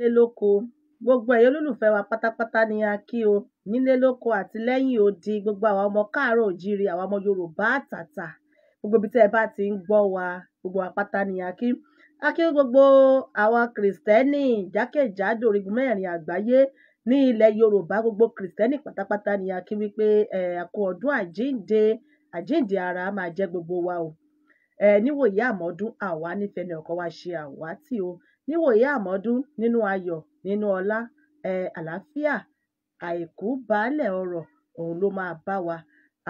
nílé lóko gbogbo ẹ̀yin olólùfẹ́ wa pátápátá ni a kí o nílé lóko àti lẹ́yìn odi gbogbo àwọn ọmọ káàárọ̀ òjíire àwọn ọmọ yorùbá àtàtà gbogbo ibi tẹ́ ẹ bá ti ń gbọ́ wa gbogbo wa pátá ni a kí a kí gbogbo àwọn kìrìsìtẹ́nì jákèjádò orígun mẹ́rin àgbáyé ní ilẹ̀ yorùbá gbogbo kìrìsìtẹ́nì pátápátá ni a kí wípé ẹ àkó ọdún àjíǹde àjíǹde ara máa jẹ́ gbogbo wa o ẹ níwòyí àmọ́dún àwa nífẹ̀ẹ́ ní ọkọ wa ṣe àwátì o níwòyí àmọdù nínú ayọ nínú ọlá um àlàáfíà àìkú baálé ọrọ ọhún ló máa bá wa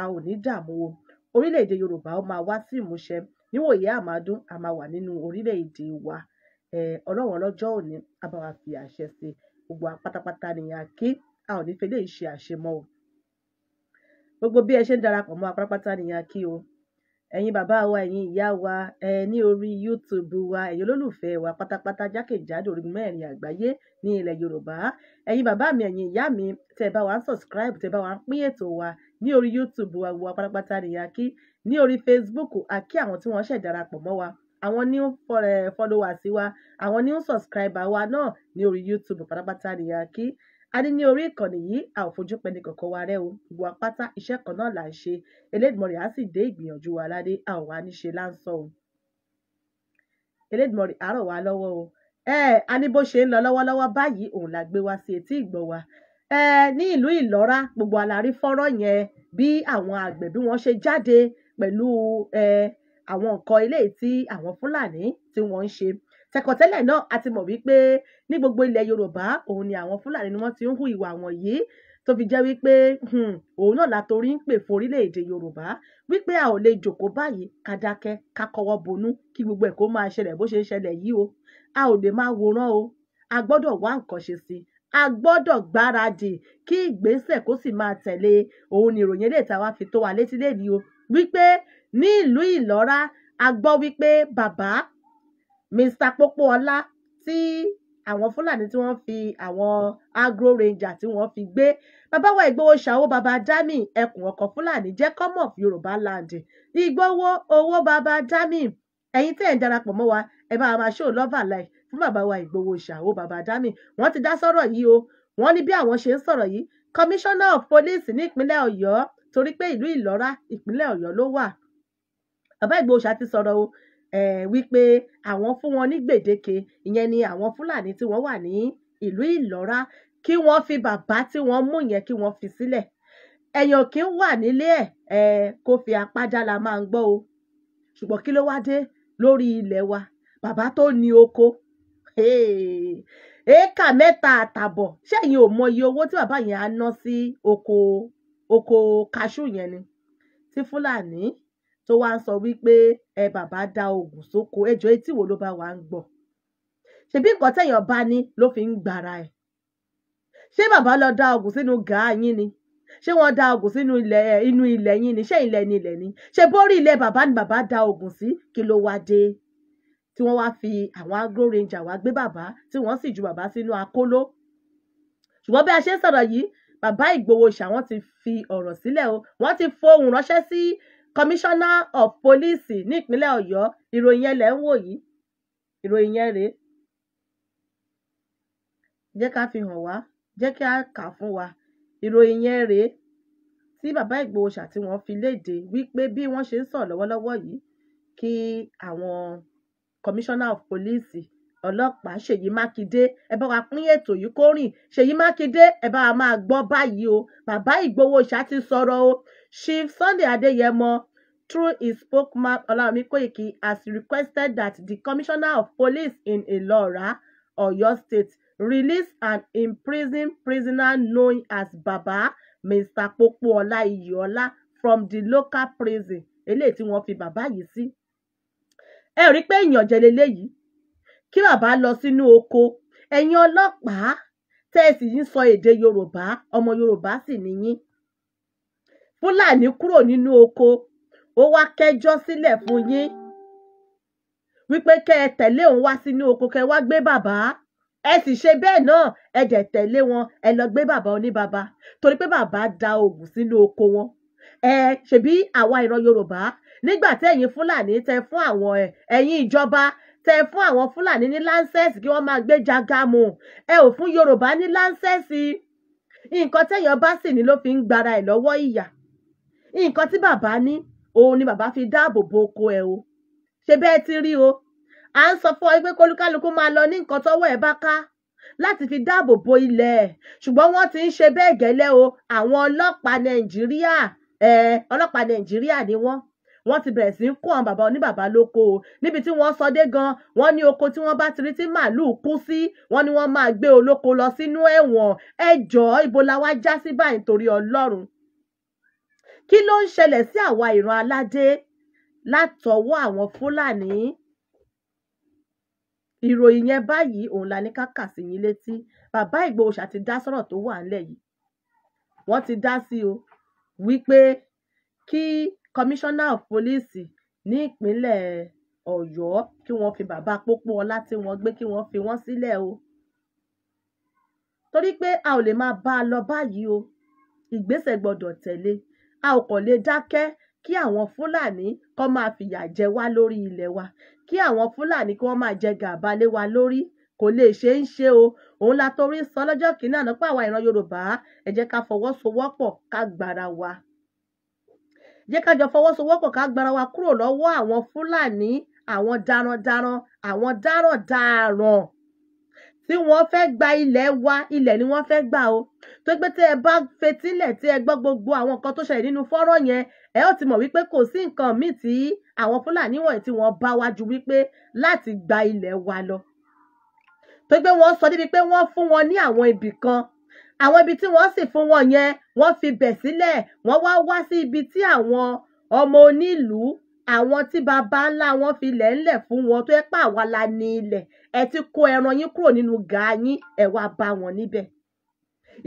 a ò ní dààmú o orílẹ̀èdè yorùbá ó máa wá sí ìmúṣẹ níwòyí àmọdù a máa wà nínú orílẹ̀èdè wa um ọlọ́run ọlọ́jọ́ òní a bá wa fi àṣẹ sí gbogbo wa pátápátá nìyẹn kí a ò ní í fi eléyìí ṣe àṣemọ o gbogbo bí ẹ ṣe ń darapọ̀ mọ́ wa pátápátá kí o ẹ̀yin bàbá wa ẹ̀yin ìyá wa ẹ ní orí YouTube wa ẹ̀yin olólùfẹ́ wa pátápátá jákèjádò orí mẹ́rin àgbáyé ní ilẹ̀ Yorùbá ẹ̀yin bàbá mi ẹ̀yin ìyá mi tẹ́ bá wa ń subscribe tẹ́ bá wa ń pín ètò wa ní orí YouTube wa wa pátápátá ni a kí ní orí Facebook a kí àwọn tí wọ́n ṣẹ̀ darapọ̀ mọ́ wa àwọn new followers wa àwọn new subscriber wa náà ní orí YouTube pátápátá ni a kí a ní ní orí ìkànnì yìí a ò fojú pẹ́ni kọ̀ọ̀kan wa rẹ́ o gbogbo apáta iṣẹ́ kan náà là ń ṣe Elédùmarè á sì dé ìgbìyànjú wa ládé a ò wá ní ṣe o Elédùmarè á ràn wá lọ́wọ́ o ẹ a ní bó ṣe ń lọ lọ́wọ́lọ́wọ́ báyìí òun la gbé wá sí etí ìgbọ́ wa ẹ ní ìlú Ìlọ́ra gbogbo alárí fọ́rọ̀ yẹn bí àwọn àgbẹ̀ bí wọ́n ṣe jáde pẹ̀lú ẹ àwọn nǹkan eléyìí tí àwọn Fúlàní tí wọ́n ń ṣe tẹkọ̀tẹ́lẹ̀ náà a ti mọ̀ wípé ní gbogbo ilẹ̀ Yorùbá òun ni àwọn Fúlàní ni wọ́n ti ń hu ìwà wọn yìí tó fi jẹ́ wípé hmm, òun náà la torí ń pè fún Yorùbá wípé a ò lè jókòó báyìí ká dákẹ́ ká kọwọ́ bonú kí gbogbo ẹ̀ kó máa ṣẹlẹ̀ bó ṣe ń ṣẹlẹ̀ yìí o a ò lè máa wòran o a gbọ́dọ̀ wá nǹkan ṣe sí i a gbọ́dọ̀ gbáradì kí ìgbésẹ̀ kó sì máa tẹ̀lé òun ni ìròyìn eléyìí táwa fi tó wa létí lẹ́yìn o wípé ní ìlú Ìlọ́ra a gbọ́ wípé bàbá Mr. Pópóọlá tí àwọn Fúlàní tí wọ́n fi àwọn Agro Ranger tí wọ́n fi gbé bàbá wa Ìgbòho Ṣàó bàbá Dámì ẹkùn ọ̀kọ̀ Fúlàní jẹ́ common of Yorùbá land Ìgbòho owó Baba Dámì ẹ̀yin tẹ́ ẹ̀ ń darapọ̀ wa ẹ bá wa show love and life fún bàbá wa Ìgbòho Ṣàó bàbá Dámì wọ́n ti dá sọ́rọ̀ yìí o wọ́n ní bí àwọn ṣe ń sọ̀rọ̀ yìí commissioner of police ní ìpínlẹ̀ Ọ̀yọ́ torí pé ìlú Ìlọ́ra ìpínlẹ̀ Ọ̀yọ́ ló wà bàbá Ìgbòho Ṣàó ti o eh, wípé àwọn fún wọn ní gbèdéke ìyẹn ni àwọn Fúlàní tí wọ́n wà ní ìlú Ìlọ́rá kí wọ́n fi bàbá tí wọ́n mú yẹn kí wọ́n fi sílẹ̀ èèyàn kì í wà nílé ẹ̀ eh, kó fi apá já la máa ń gbọ́ o ṣùgbọ́n kí ló wá dé lórí ilẹ̀ wa bàbá tó ní oko éékà mẹ́ta àtàbọ̀ ṣẹ́yìn ò mọyì owó tí bàbá yẹn á ná sí oko oko kaṣú yẹn ni tí Fúlàní tó wá ń sọ wípé ẹ bàbá da oògùn sóko ẹ jọ etí wo ló bá wa ń gbọ́ ṣebí nǹkan téèyàn bá ní ló fi ń gbàrà ẹ̀ ṣé bàbá lọ da oògùn sínú gàá yín ni ṣé wọ́n da oògùn sínú ilẹ̀ inú ilẹ̀ yín ni ṣé ilẹ̀ ni ilẹ̀ ni ṣé bórí ilẹ̀ bàbá ni bàbá da oògùn sí kí ló wá dé tí wọ́n wá fi àwọn agro ranger wá gbé bàbá tí wọ́n sì ju bàbá sínú akóló ṣùgbọ́n bí a ṣe ń sọ̀rọ̀ yìí bàbá Ìgbòho ṣà wọ́n ti fi ọ̀rọ̀ sílẹ̀ o wọ́n ti fohùn ránṣẹ́ sí commissioner of police nípínlẹ̀ ọ̀yọ́ ìròyìn yẹn lẹ̀ ń wò yìí ìròyìn yẹn rèé jẹ́ ká fi hàn wá jẹ́ kí a kà fún wa ìròyìn yẹn rèé tí bàbá Ìgbòho ṣà tí fi léde wípé bí wọ́n ṣe ń sọ̀rọ̀ lọ́wọ́lọ́wọ́ yìí kí àwọn commissioner of police ọlọ́pàá Ṣèyí Mákindé ẹ bá wa pín ètò yìí kó rìn Ṣèyí Mákindé ẹ bá wa máa gbọ́ báyìí o bàbá Ìgbòho ṣá ti o Chief Sunday Adeyemo through his spokesman Olawumi Koiki has requested that the Commissioner of Police in or your State, release an imprisoned prisoner known as Baba Mr. Popoola Iyiola from the local prison eléyìí tí wọ́n fi bàbá yìí sí. ẹ rí i pé èèyàn jẹlẹ léyìí kí bàbá lọ sínú oko ẹ̀yin ọlọ́pàá tẹ́ẹ̀sì yìí sọ èdè Yorùbá ọmọ Yorùbá sì nìyí. Fúlàní kúrò nínú oko ó wá kẹjọ́ sílẹ̀ fún yín wípé kẹ́ ẹ tẹ̀lé òun wá sínú oko kẹ́ ẹ wá gbé bàbá ẹ sì ṣe bẹ́ẹ̀ náà ẹ dẹ̀ tẹ̀lé wọn ẹ lọ gbé bàbá oníbàbá torí pé bàbá da oògùn sínú oko wọn ẹ ṣebí àwa ìran Yorùbá nígbà tí ẹ̀yin Fúlàní tẹ fún àwọn ẹ ẹ̀yin ìjọba tẹ fún àwọn Fúlàní ní láńsẹ́sì kí wọ́n máa gbé jagamu ẹ ò fún Yorùbá ní láńsẹ́sì nǹkan tẹ̀yàn bá sì ní ló fi ń gbara ẹ̀ lọ́wọ́ ìyà nǹkan tí bàbá ní òun ni bàbá fi dáàbò bo oko ẹ o ṣe bẹ́ẹ̀ ti rí o à ń sọ fún ọ pé kólúkálukú máa lọ ní nǹkan tọ́wọ́ ẹ̀ bá ká láti fi dáàbò bo ilẹ̀ ẹ̀ ṣùgbọ́n wọ́n ti ń ṣe bẹ́ẹ̀ gẹ́lẹ́ o àwọn ọlọ́pàá nàìjíríà ọlọ́pàá nàìjíríà ni wọ́n wọ́n ti bẹ̀rẹ̀ sí ń kó àwọn bàbá oníbàbá lóko o níbi tí wọ́n sọdé gan wọ́n ní oko tí wọ́n bá ti rí tí màálùú kú sí wọ́n ní wọ́n máa gbé olóko lọ sínú ẹ̀wọ̀n ẹ jọ̀ọ́ la wá já sí báyìí torí ọlọ́run kí ló ń ṣẹlẹ̀ sí àwa ìran aládé látọwọ́ àwọn fúlàní ìròyìn yẹn báyìí òun la ní ká kà sí yín létí bàbá Ìgbòho ṣá ti dá sọ̀rọ̀ tó wà ńlẹ̀ yìí wọ́n ti dá sí o wípé kí kọmíṣánná pólíìsì ní ìpínlẹ̀ Ọ̀yọ́ kí wọ́n fi bàbá Pópóọlá tí wọ́n gbé kí wọ́n fi wọ́n sílẹ̀ o torí pé a ò lè máa bá a lọ báyìí o ìgbésẹ̀ gbọ́dọ̀ tẹ̀lé a ò kàn lè dákẹ́ kí àwọn Fúlàní kọ́ máa fìyà jẹ wá lórí ilẹ̀ wa kí àwọn Fúlàní kí wọ́n máa jẹ gàba lé wa lórí kò lè ṣeé ṣe o òun la torí sọ lọ́jọ́ kìíní àná pé àwa ìran Yorùbá ẹ jẹ́ ká fọwọ́sowọ́pọ̀ ká gbára wa jẹ́ ká jọ fọwọ́sowọ́pọ̀ ká gbára wa kúrò lọ́wọ́ àwọn Fúlàní àwọn darandaran àwọn dáràndáràn tí wọ́n fẹ́ gba ilẹ̀ wa ilẹ̀ ni wọ́n fẹ́ gbà o tó pé tí ẹ bá fetílẹ̀ tí ẹ gbọ́ gbogbo àwọn nǹkan tó ṣẹlẹ̀ nínú fọ́rọ̀ yẹn ẹ ó ti mọ̀ wípé kò sí nǹkan míì tí àwọn Fúlàní wọ̀nyí tí wọ́n bá wájú wípé láti gba ilẹ̀ wa lọ tó pé wọ́n sọ débi pé wọ́n fún wọn ní àwọn ibì kan àwọn ibi tí wọ́n sì fún wọn yẹn wọ́n fi bẹ̀ sílẹ̀ wọ́n wá wá sí ibi tí àwọn ọmọ onílùú àwọn tí baba ńlá wọn fi ilẹ̀ ńlẹ̀ fún wọn tó yẹ pé àwa la ní ilẹ̀ ẹ ti kó ẹran yín kúrò nínú gàá yín ẹ wá bá wọn níbẹ̀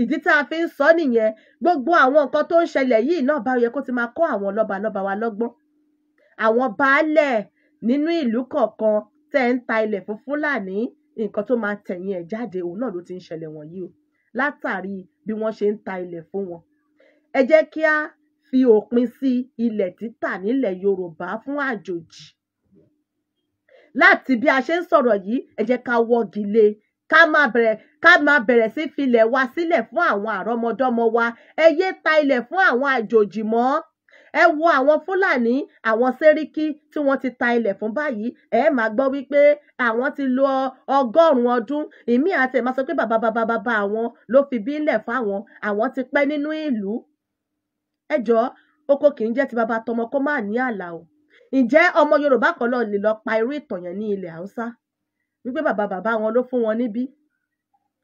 ìdí tá a fi ń sọ nìyẹn gbogbo àwọn nǹkan tó ń ṣẹlẹ̀ yìí náà bá yẹ kó ti máa kọ́ àwọn lọ́balọ́ba wa lọ́gbọ́n àwọn baálẹ̀ nínú ìlú kọ̀ọ̀kan tẹ́ ń ta ilẹ̀ fún fúlàní nǹkan tó máa tẹ̀yìn ẹ̀ jáde òun náà ló ti ń ṣẹlẹ̀ wọ̀nyí o látàrí bí wọ́n ṣe ń ta ilẹ̀ fún wọn ẹ jẹ́ kí a fi òpin sí ilẹ̀ títà nílẹ̀ Yorùbá fún àjòjì láti bí a ṣe ń sọ̀rọ̀ yìí ẹ jẹ́ ká wọ́gi lé ká máa bẹ̀rẹ̀ ká máa bẹ̀rẹ̀ sí filẹ̀ wa sílẹ̀ fún àwọn àrọ́mọdọ́mọ wa ẹ yé ta ilẹ̀ fún àwọn àjòjì mọ́ ẹ wo àwọn Fúlàní àwọn Sẹ́ríkì tí wọ́n ti ta ilẹ̀ fún báyìí ẹ máa gbọ́ wípé àwọn ti lo ọgọ́rùn-ún ọdún ìmí àti ẹ̀ máa sọ pé bàbá bàbá bàbá àwọn ló fi bí ilẹ̀ fún àwọn àwọn ti pẹ́ nínú ìlú ẹ oko kì í jẹ́ ti bàbá tọmọ kó má ní ààlà o ǹjẹ́ ọmọ Yorùbá kan lọ lè lọ pa irú ìtàn yẹn ní ilẹ̀ Haúsá wípé bàbá bàbá wọn ló fún wọn níbí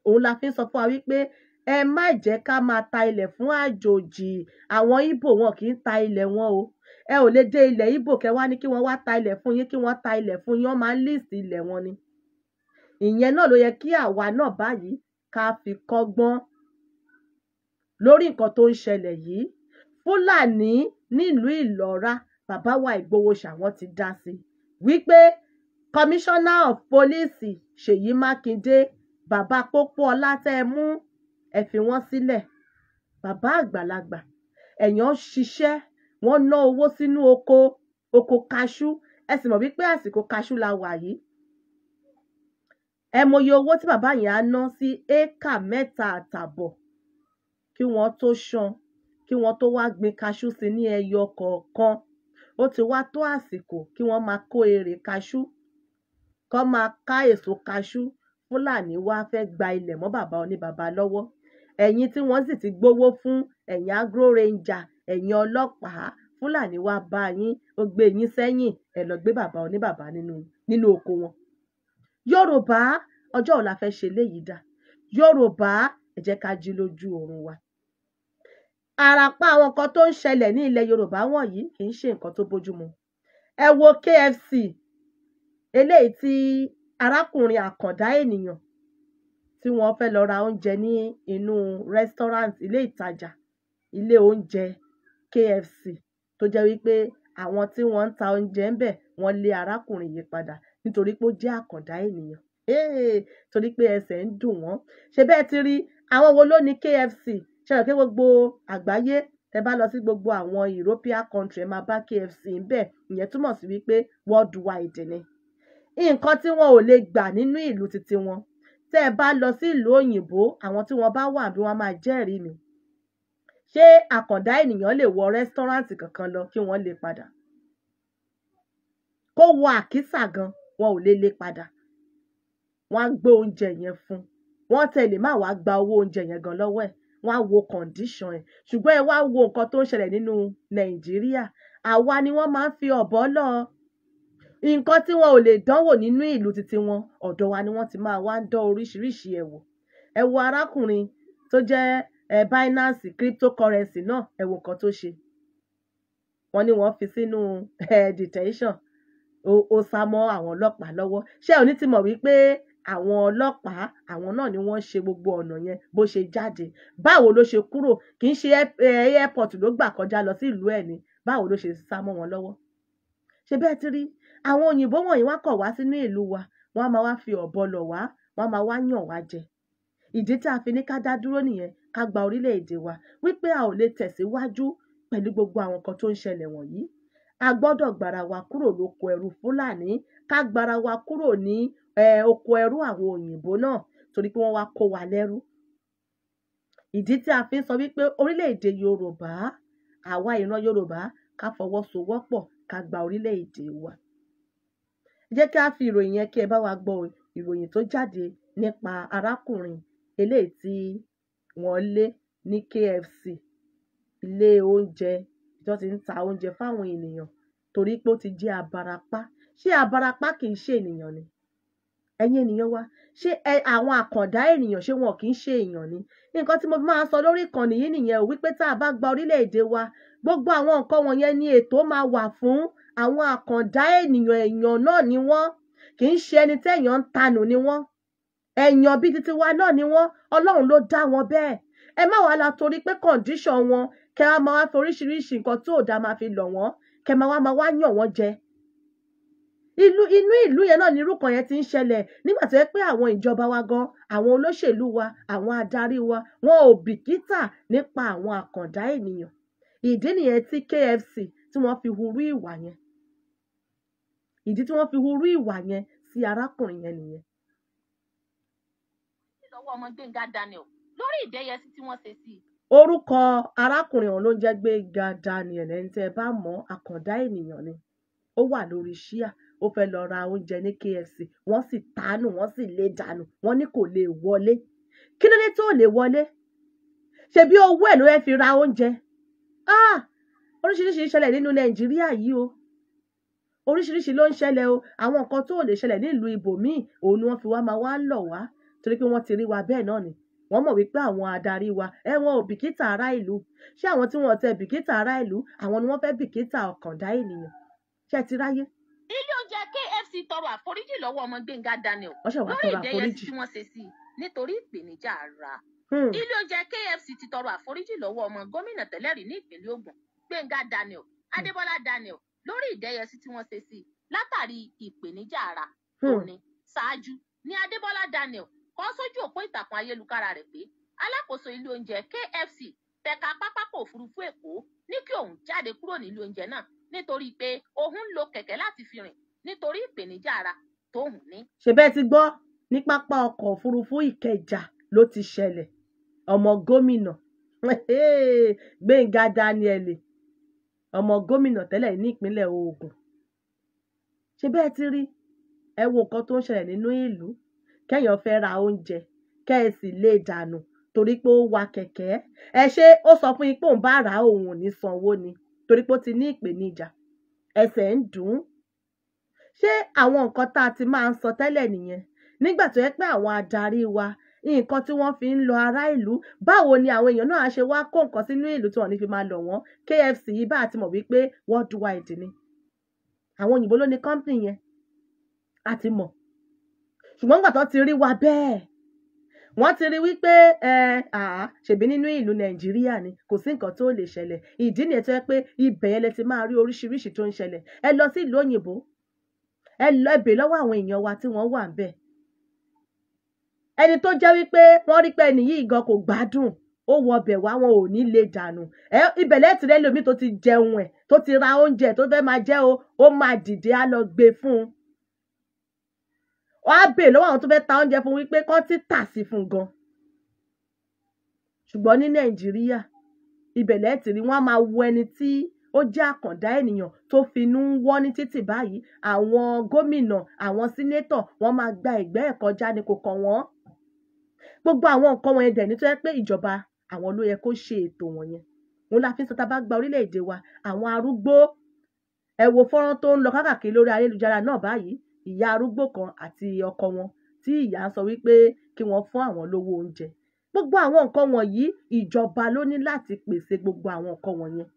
òun la fi ń sọ fún wa wípé ẹ má jẹ́ ká máa ta ilẹ̀ fún àjòjì àwọn Ìgbò wọn kì í ta ilẹ̀ wọn o ẹ ò lè dé ilẹ̀ Ìgbò kẹ́ wá ní kí wọ́n wá ta ilẹ̀ fún yín kí wọ́n ta ilẹ̀ fún yín wọ́n máa ń líìsì ilẹ̀ wọn ni ìyẹn náà ló yẹ kí àwa náà báyìí ká fi kọ́gbọ́n lórí nǹkan tó ń ṣẹlẹ̀ yìí fúlàní nílùú ìlọ́ra bàbá wa Ìgbòho ṣàwọn ti dá sí i wípé kọmíṣánná of pólíìsì ṣèyí mákindé bàbá pópó ọlá tẹ́ ẹ mú ẹ fi wọ́n sílẹ̀ bàbá àgbàlagbà èèyàn ṣiṣẹ́ wọ́n ná owó sínú oko oko kaṣú ẹ sì mọ̀ wípé àsìkò kaṣú la wà yìí ẹ mọye owó tí bàbá yẹn á ná sí éékà mẹ́ta àtàbọ̀ kí wọ́n tó san kí wọ́n tó wá gbin kaṣú sí ní ẹyọ kọ̀ọ̀kan ó ti wá tó àsìkò kí wọ́n máa kó èrè kaṣú kọ́ máa ká èso kaṣú fúlàní wá fẹ́ gba ilẹ̀ mọ́ bàbá oníbàbá lọ́wọ́ ẹ̀yin tí wọ́n sì ti gbowó fún ẹ̀yin agro ranger ẹ̀yin ọlọ́pàá fúlàní wá bá yín ó gbé yín sẹ́yìn ẹ̀ lọ gbé bàbá oníbàbá nínú nínú oko wọn. yorùbá ọjọ́ ọ̀la fẹ́ ṣe léyìí dà yorùbá ẹ ká jí lójú oorun wa àràpá àwọn nǹkan tó ń ṣẹlẹ̀ ní ilẹ̀ Yorùbá wọ̀nyí kì í ṣe nǹkan tó bójúmu ẹ wo KFC eléyìí tí arákùnrin àkàndá ènìyàn tí wọ́n fẹ́ lọ ra oúnjẹ ní inú restaurant ilé ìtajà ilé oúnjẹ KFC tó jẹ́ wípé àwọn tí wọ́n ń ta oúnjẹ ń bẹ̀ wọ́n lé arákùnrin yìí padà nítorí pé ó jẹ́ àkàndá ènìyàn torí pé ẹsẹ̀ ń dùn wọ́n ṣe bẹ́ẹ̀ ti rí àwọn wo ló ní KFC ṣe àpé gbogbo àgbáyé tẹ bá lọ sí gbogbo àwọn European country ẹ máa bá KFC ńbẹ̀ ìyẹn túmọ̀ sí wípé worldwide ni nǹkan tí wọn ò lè gbà nínú ìlú titi wọn tẹ́ ẹ bá lọ sí ìlú òyìnbó àwọn tí wọ́n bá wà bí wọ́n máa jẹ́rìí mi ṣé àkàndá ènìyàn lè wọ rẹ́sítọ́ráǹtì kankan lọ kí wọ́n lè padà kó wọ àkísà gan wọn ò lè lè padà wọ́n á gbé oúnjẹ yẹn fún wọ́n tẹ̀lé má wàá gba owó oúnjẹ yẹn gan lọ́wọ́ ẹ̀ wọ́n á wo condition ẹ̀ ṣùgbọ́n ẹ wá wo nǹkan tó ń ṣẹlẹ̀ nínú nàìjíríà àwa ni wọ́n máa ń fi ọ̀bọ lọ nǹkan tí wọn ò lè dánwò nínú ìlú titi wọn ọ̀dọ̀ wa ni wọ́n ti máa wá ń dán oríṣiríṣi ẹ̀ wò ẹ wo arákùnrin tó jẹ́ ẹ Binance cryptocurrency náà ẹ wo nǹkan tó ṣe wọ́n ní wọ́n fi sínú detention ó sá mọ́ àwọn ọlọ́pàá lọ́wọ́ ṣé ò ní ti mọ̀ wípé àwọn ọlọ́pàá àwọn náà ni wọ́n ṣe gbogbo ọ̀nà yẹn bó ṣe jáde báwo ló ṣe kúrò kì í ṣe eh, airport ló gbà kọjá lọ sí ìlú ẹ̀ ni báwo ló ṣe sá mọ́ wọn lọ́wọ́ ṣe bẹ́ẹ̀ ti rí àwọn òyìnbó wọ̀nyí wá kọ̀ wá sínú ìlú wa wọ́n á máa wá fi ọ̀bọ lọ̀ wá wọ́n máa wá yàn wá jẹ ìdí tá a fi ní ká dá dúró nìyẹn ká gba orílẹ̀-èdè wa wípé a ò lè tẹ̀síwájú pẹ̀lú gbogbo àwọn nǹkan tó ń ṣẹlẹ̀ wọ̀nyí a gbọ́dọ̀ gbara kúrò lóko ẹrú fúlàní ká gbara kúrò ní eh, oko ẹrú àwọn òyìnbó náà torí pé wọ́n wá kó wa lẹ́rú. Ìdí tí a fi ń sọ wípé orílẹ̀-èdè Yorùbá, àwa ìran Yorùbá ká fọwọ́sowọ́pọ̀ ká gba orílẹ̀-èdè wa. Ẹ jẹ́ kí á fi ìròyìn yẹn kí ẹ bá wa gbọ́ ìròyìn tó jáde nípa arákùnrin eléyìí tí wọ́n lé ní KFC, ilé oúnjẹ tí wọ́n ti ń ta oúnjẹ fáwọn ènìyàn torí pé ó ti jẹ́ abarapá. Ṣé abarapá kì í ṣe ènìyàn ni? ẹ̀yin ènìyàn wa ṣé àwọn àkàndá ènìyàn ṣé wọn kì í ṣe èèyàn ni nǹkan tí mo fi máa ń sọ lórí ìkànnì yìí nìyẹn o wípé tá a bá gba orílẹ̀-èdè wa gbogbo àwọn nǹkan wọ̀nyẹn ni ètò máa wà fún àwọn àkàndá ènìyàn èèyàn náà ni wọ́n kì í ṣe ẹni tẹ́yàn ń tanù ni wọ́n èèyàn bíi titi wa náà ni wọ́n ọlọ́run ló dá wọn bẹ́ẹ̀ ẹ má wàá la torí pé kọ̀ǹdíṣàn wọn kẹ máa wá foríṣiríṣi nǹkan tí dáa máa fi lọ̀ wọ́n kẹ máa wá máa wá yàn wọ́n jẹ ìlú inú ìlú yẹn náà ni irú kan yẹn ti ń ṣẹlẹ̀ nígbà tó yẹ pé àwọn ìjọba wa gan àwọn olóṣèlú wa àwọn adarí wa wọn ò bìkítà nípa àwọn àkàndá ènìyàn ìdí nìyẹn tí KFC tí wọ́n fi hurú ìwà yẹn ìdí tí wọ́n fi hurú ìwà yẹn sí arákùnrin yẹn nìyẹn. lọ́wọ́ ọmọ Gbénga Daniel lórí ìdẹ́yẹsí tí wọ́n ṣe sí i. orúkọ arákùnrin ọ̀hún ló ń jẹ́ Gbénga Daniel ẹni tẹ́ ẹ bá mọ̀ àkàndá ènìyàn ni ó wà lórí ṣíà ó fẹ́ lọ ra oúnjẹ ní KFC wọ́n sì tánù wọ́n sì lé dànù wọ́n ní kò lè wọlé kí ló dé tó lè wọlé ṣebí owó ẹ̀ ló fẹ́ fi ra oúnjẹ ah oríṣiríṣi ìṣẹ̀lẹ̀ nínú Nàìjíríà yìí o oríṣiríṣi ló ń ṣẹlẹ̀ o àwọn nǹkan tó lè ṣẹlẹ̀ nílùú ibòmíì òun ni wọ́n fi wá máa wá lọ̀ wá torí pé wọ́n ti rí wa bẹ́ẹ̀ náà ni wọ́n mọ̀ wípé àwọn adarí wa ẹ wọn ò bìkítà ará ìlú ṣé àwọn tí wọ́n tẹ bìkítà ará ìlú àwọn ni wọ́n fẹ́ bìkítà ọ̀kàndá ènìyàn ṣé ti ráyé jẹ KFC tọrọ àforíjì lọ́wọ́ ọmọ Gbẹ́ngà Daniel lórí ìdẹyẹ tí wọ́n ṣe sí i nítorí ìpèníjà ara hmm. ilé oúnjẹ KFC ti tọrọ àforíjì lọ́wọ́ ọmọ gómìnà tẹ́lẹ̀rí ní ìpínlẹ̀ Ògùn Gbẹ́ngà Daniel hmm. Adébọ́lá Daniel lórí ìdẹyẹsí tí wọ́n ṣe sí i látàrí ìpèníjà ara hmm. òní ṣáájú ni Adébọ́lá Daniel kọ sójú òpó ìtàkùn ayélujára rẹ̀ pé alákòóso ilé oúnjẹ KFC tẹ̀ka pápákọ̀ òfurufú Èkó ní kí òun jáde kúrò nílé oúnjẹ náà nítorí pé òun ń lo kẹ̀kẹ́ láti fi rìn nítorí ìpèníjà ara tóun ní. ṣèbẹ́ ti gbọ́ ní pápá ọkọ̀ òfurufú ìkẹjà ló ti ṣẹlẹ̀ ọmọ gómìnà gbẹ̀ngà daniel ọmọ gómìnà tẹ́lẹ̀ ní ìpínlẹ̀ Ògùn ṣèbẹ́ ti rí ẹ wo nǹkan tó ń ṣẹlẹ̀ nínú ìlú kẹ́yàn fẹ́ ra oúnjẹ kẹ́ ẹ sì lè dànù torí pé ó wa kẹ̀kẹ́ ẹ ṣe ó sọ fún yín pé òun bá rà òun ò ní sanwó ni torí pé ó ti ní ìpèníjà ẹsẹ̀ ń dùn ún ṣé àwọn nǹkan tá a ti máa ń sọ tẹ́lẹ̀ nìyẹn nígbà tó yẹ pé àwọn adarí wa nǹkan tí wọ́n fi ń lọ ará ìlú báwo ni àwọn èèyàn náà ṣe wá kó nǹkan sínú ìlú tí wọ́n ní fi máa lọ wọ́n KFC yìí bá a ti mọ̀ wípé worldwide ni àwọn òyìnbó ló ní company yẹn a ti mọ̀ ṣùgbọ́n nígbà tó ti rí wa bẹ́ẹ̀ wọ́n ti rí wípé ẹ àá ṣèbí nínú ìlú nàìjíríà ni kò sí nǹkan tó lè ṣẹlẹ̀ ìdí nìyẹn tó yẹ pé ibẹ̀ yẹn lẹ ti máa rí oríṣiríṣi tó ń ṣẹlẹ̀ ẹ lọ sí ìlú òyìnbó ẹ lọ ẹbẹ̀ lọ́wọ́ àwọn èèyàn wa tí wọ́n wà ń bẹ̀ ẹni tó jẹ́ wípé wọ́n rí pé ẹni yìí gan kò gbádùn ó wọ ọbẹ̀ wá wọn ò ní lè dànù ẹ ibẹ̀ lẹ́tì rẹ tó ti jẹun ẹ̀ tó ti ra oúnjẹ tó fẹ́ máa jẹ́ o ó máa dìde á lọ gbé fún un wàá bè lọ́wọ́ àwọn tó fẹ́ ta oúnjẹ fún wípé kán ti tà sí fún gan ṣùgbọ́n ní nàìjíríà ibẹ̀ lẹ́tì rí máa wo ẹni tí ó jẹ́ àkàndá ènìyàn tó finú ń wọ́ ní títì báyìí àwọn gómìnà àwọn sínétọ̀ wọ́n máa gba ẹ̀gbẹ́ ẹ̀ kọjá ni kò kàn wọ́n gbogbo àwọn nǹkan wọn ẹ̀dẹ̀ ní tó yẹ pé ìjọba àwọn ló yẹ kó ṣe ètò wọn yẹn òun la fi ń sọ tá a bá gba orílẹ̀-èdè wa àwọn arúgbó ẹ wo fọ́nrán tó ń lọ káàkiri lórí ayélujára náà báyìí ìyá arúgbó kan àti ọkọ wọn tí ìyá sọ wípé kí wọ́n fún àwọn lówó oúnjẹ gbogbo àwọn nǹkan wọ̀nyí ìjọba ló ní láti pèsè gbogbo àwọn nǹkan wọ̀nyẹn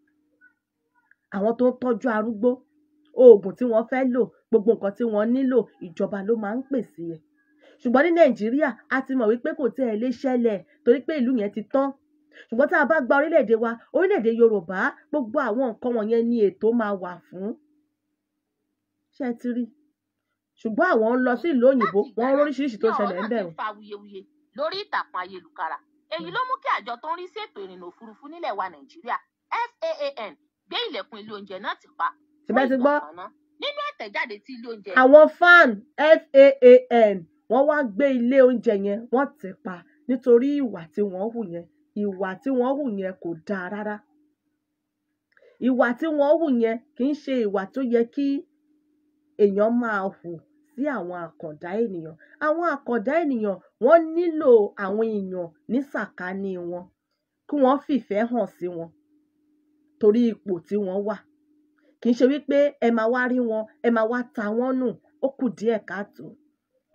àwọn tó ń tọ́jú arúgbó oògùn tí wọ́n fẹ́ lò gbogbo nǹkan tí wọ́n nílò ìjọba ló máa ń pèsè ẹ̀ ṣùgbọ́n ní nàìjíríà a ti mọ̀ wípé kò tẹ́ ẹ lè ṣẹlẹ̀ torí pé ìlú yẹn ti tán ṣùgbọ́n tá a bá gba orílẹ̀-èdè wa orílẹ̀-èdè yorùbá gbogbo àwọn nǹkan wọ̀nyẹn ni ètò máa wà fún ṣé ẹ ti rí ṣùgbọ́n àwọn ń lọ sí ìlú òyìnbó wọ́n róríṣiríṣi tó ṣẹlẹ̀ ń bẹ̀ o. lórí ìtàkùn ayélujára èyí ló mú kí àjọ tó ń rí sí ètò ìrìnnà òfurufú nílẹ̀ wa nàìjíríà FAAN gbé ilẹ̀kùn ilé oúnjẹ náà tì pa. ṣùgbọ́n ti gbọ́ nínú àtẹ̀jáde tí ilé oúnjẹ. àwọn fan FAAN wọ́n wá gbé ilé oúnjẹ yẹn wọ́n tì pa nítorí ìwà tí wọ́n hù yẹn ìwà tí wọ́n hù yẹn kò dáa rárá ìwà tí wọ́n hù yẹn kì í ṣe ìwà tó yẹ kí èèyàn máa hù sí àwọn àkàndá ènìyàn àwọn àkàndá ènìyàn wọ́n nílò àwọn èèyàn ní sàkání wọn kí wọ́n fìfẹ́ hàn sí wọn torí ipò tí wọ́n wà kì í ṣe wípé ẹ máa wá rí wọn ẹ máa wá ta wọ́n nù ó kù díẹ̀ káàtó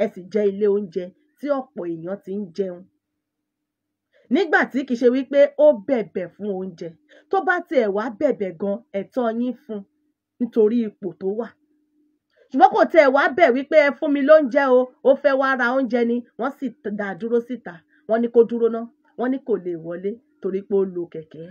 ẹ sì jẹ́ ilé oúnjẹ tí ọ̀pọ̀ èèyàn ti ń jẹun nígbà tí kì í ṣe wípé ó bẹ̀bẹ̀ fún oúnjẹ tó bá tiẹ̀ wá bẹ̀bẹ̀ gan ẹ̀tọ́ yín fún nítorí ipò tó wà ṣùgbọ́n kò tiẹ̀ wá bẹ̀ wípé ẹ fún mi lóúnjẹ o ó fẹ́ wá ra oúnjẹ ni wọ́n sì dá dúró síta wọ́n ní kó dúró ná wọ́n ní kò lè wọlé torí pé ó lo kẹ̀kẹ́